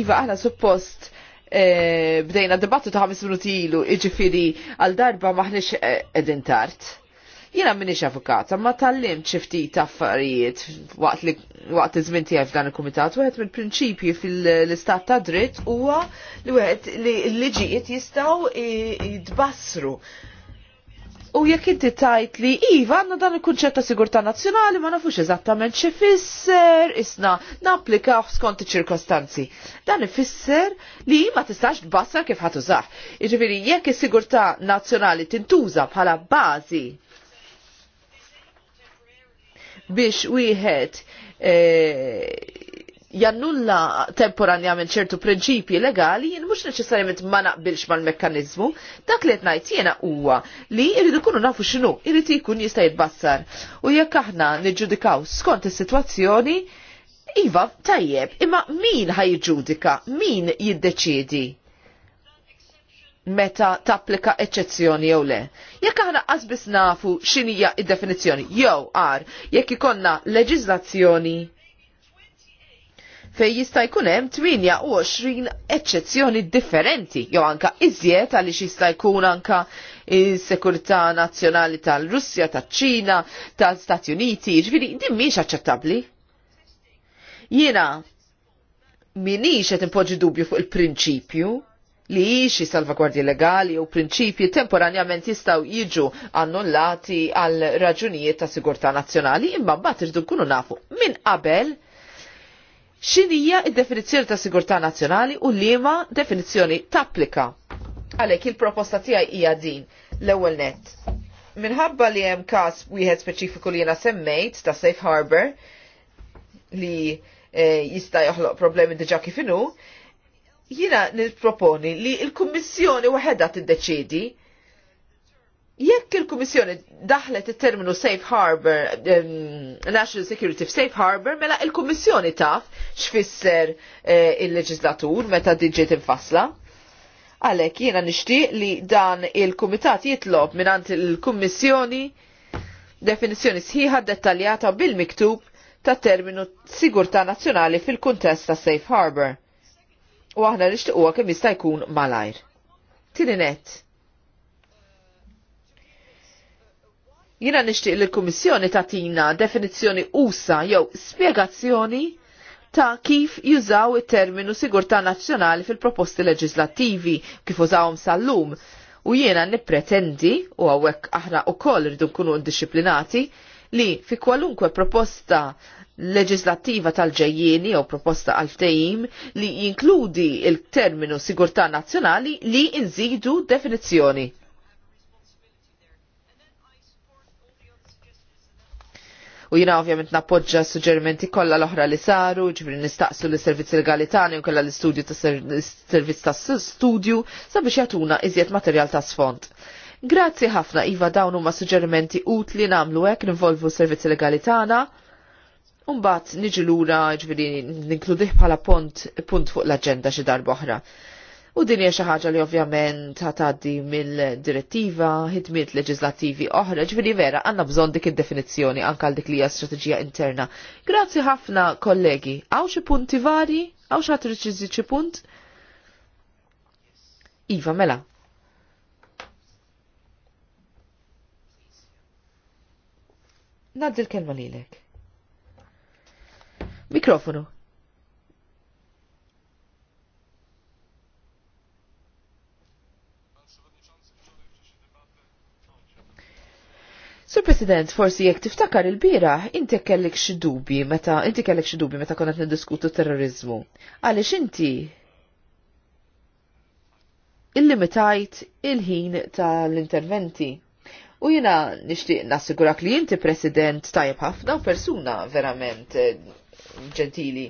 Iva, aħna suppost eh, bdejna dibattu ta' 5 minuti ilu, iġifiri għal darba maħnix eh, edin tart. Jena minix avukata, ma tal-lim ċifti taffarijiet waqt li waqt iż-żmien tiegħi f'dan il-kumitat, wieħed mill prinċipju fil-istat ta' dritt huwa li wieħed li l-liġijiet jistgħu bassru U jekk inti tajt li iva għandna dan il-kunċett ta' sigurtà nazzjonali ma nafux eżattament x'ifisser fisser isna napplikaw skont ċirkostanzi Dan ifisser li ma tistax bassa kif ħatużax. Jiġifieri jekk is-sigurtà nazzjonali tintuża bħala bażi biex wieħed e, jannulla temporanjament ċertu prinċipji legali jien mhux neċessarjament ma naqbilx mal-mekkaniżmu, dak li qed ngħid jiena huwa li jridu kunu nafu x'inhu, jrid ikun jista' jitbassar. U jekk aħna niġġudikaw skont is-sitwazzjoni, iva tajjeb, imma min ħajġudika, min jiddeċiedi? meta tapplika eċċezzjoni jew le. Jekk aħna qasbis nafu x'inhija id-definizzjoni jew għar jekk ikonna leġiżlazzjoni fej jista' jkun hemm 28 eċċezzjoni differenti jew anka iżjed għaliex jista' jkun anka is-sekurità nazzjonali tal-Russja, taċ-Ċina, tal-Stati Uniti, ġifieri din mhix aċċettabbli. Jiena minix qed impoġġi dubju fuq il-prinċipju, li xi salvagwardji legali u prinċipji temporanjament jistaw jiġu annullati għal raġunijiet ta' sigurtà nazzjonali imma mbagħad irdu nkunu nafu minn qabel x'inhija d-definizzjoni ta' sigurtà nazzjonali u liema definizzjoni tapplika. Għalhekk il-proposta tiegħi hija din l-ewwel nett. Minħabba li hemm każ wieħed speċifiku li jiena semmejt ta' Safe Harbor li eh, jista' joħloq problemi diġà kif inhu, jina nil-proponi li il-Kummissjoni waħedha tiddeċidi jekk il-Kummissjoni daħlet il-terminu Safe Harbor, um, National Security Safe Harbor, mela il-Kummissjoni taf xfisser eh, il-leġislatur meta diġiet infasla. Għalek jiena nixtieq li dan il-Kumitat jitlob minant il-Kummissjoni definizjoni sħiħa dettaljata bil-miktub ta' terminu sigurta nazzjonali fil-kuntest ta' Safe Harbor u aħna nixtiquha kemm jista' jkun malajr. Tieni net. Jiena nixtieq li l-Kummissjoni tagħtina definizzjoni usa jew spjegazzjoni ta' kif jużaw it-terminu sigurtà nazzjonali fil-proposti leġislattivi kif użawhom sal-lum u jiena nippretendi u għawek aħna u koll rridu nkunu disciplinati li fi kwalunkwe proposta leġislattiva tal-ġejjieni jew proposta għal ftehim li jinkludi il-terminu sigurtà nazzjonali li inżidu definizzjoni. U jina ovvjament nappoġġa suġġerimenti kollha l-oħra li saru, ġifri nistaqsu li servizz legali tagħni u kollha l-istudju ta' servizz ta' studju sabiex jagħtuna iżjed materjal ta' sfond. Grazzi ħafna Iva dawn huma suġġerimenti utli nagħmlu hekk nivolvu servizzi legali tagħna Umbat niġi lura ġviri ninkludih bħala punt, punt fuq l-agenda xi darba oħra. U din hija xi ħaġa li ovvjament ħatgħaddi mill-direttiva, ħidmiet leġislattivi oħra, ġviri vera għandna bżonn dik id-definizzjoni anke għal dik li hija strateġija interna. Grazzi ħafna kollegi. Hawn xi punti vari? Hawn xi ħadd xi punt? Iva, mela, Nadil kelma lilek. Mikrofonu. Sir President, forsi jekk tiftakar il-bira, inti kellek xi dubi meta inti kellek xi dubi meta konna qed niddiskutu terrorizmu. Għaliex inti illimitajt il-ħin tal-interventi. U jina nixtieq nassigurak li inti president tajb ħafna persuna verament ġentili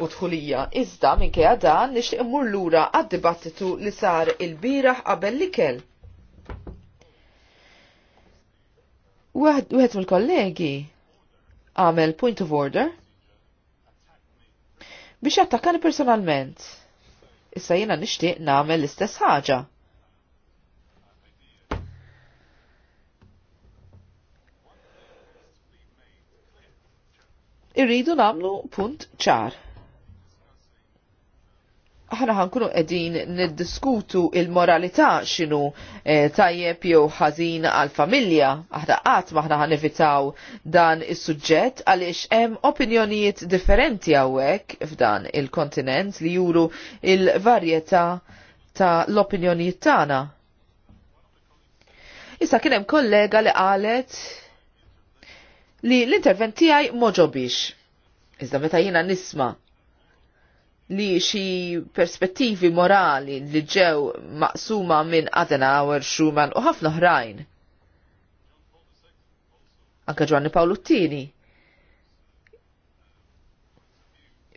u tħulija. Iżda minkejja dan nixtieq immur lura għad-dibattitu li sar il biraħ qabel li kell. Wieħed mill-kollegi għamel point of order biex attakkani personalment. Issa jiena nixtieq nagħmel l-istess ħaġa. irridu namlu punt ċar. Aħna ħankunu edin niddiskutu il-moralità xinu e, eh, tajjeb jew ħażin għal-familja. Aħna qatt maħna ħanevitaw dan is-suġġett għaliex hemm opinjonijiet differenti hawnhekk f'dan il-kontinent li juru il-varjetà ta' l-opinjonijiet tagħna. Issa kien hemm kollega li qalet li l-intervent tiegħi biex. Iżda meta jina nisma' li xi perspettivi morali li ġew maqsuma minn Adenauer, Schumann u ħafna oħrajn. Anka Giovanni Paoluttini.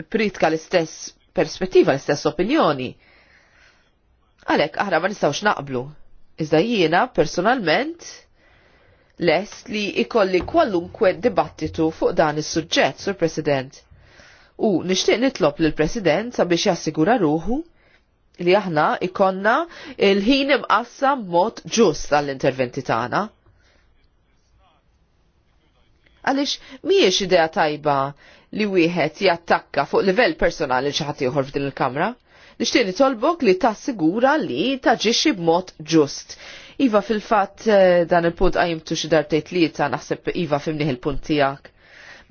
Pritka l-istess perspettiva, l-istess opinjoni. Għalek, aħna ma nistawx naqblu. Iżda jiena personalment lest li ikolli kwallunkwe dibattitu fuq dan is suġġett sur President. U nixtieq nitlob lil President sabiex jassigura ruħu li aħna ikonna il-ħin imqassa mod ġust għall-interventi tagħna. Għaliex mhijiex idea tajba li wieħed jattakka fuq livell personali xi ħadd ieħor f'din il-kamra. Nixtieq nitolbok li tassigura li taġixxi b'mod ġust Iva fil-fat eh, dan il-punt għajimtu xi dartejt li ta' naħseb Iva fimniħ il-punt tijak.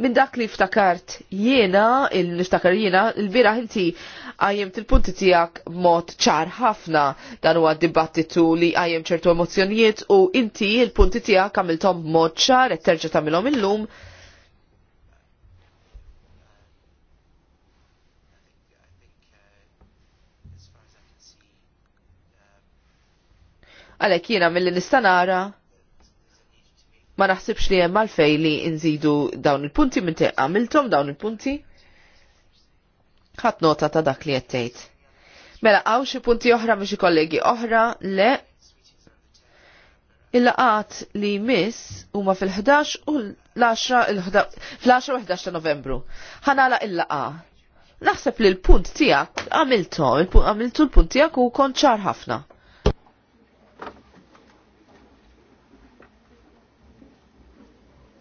Minn dak li ftakart jiena, il-niftakar jiena, il-bira inti għajem il-punti tijak mod ċar ħafna dan huwa dibattitu li għajem ċertu emozjonijiet u inti il-punti tijak għamiltom mod ċar, et terġa tamilom il-lum, il lum Għalhekk jiena milli nista' nara ma naħsibx li hemm fej li nżidu dawn il-punti minn te għamiltom dawn il-punti. Ħadd nota ta' dak li jettejt. tgħid. Mela għaw xi punti oħra mhux kollegi oħra le il-laqat li miss huma fil-11 u l-10 fl-10 u 11 ta' Novembru. Ħanala il-laqa. Naħseb li l-punt tiegħek għamiltu, għamiltu l-punt tiegħek u konċar ħafna.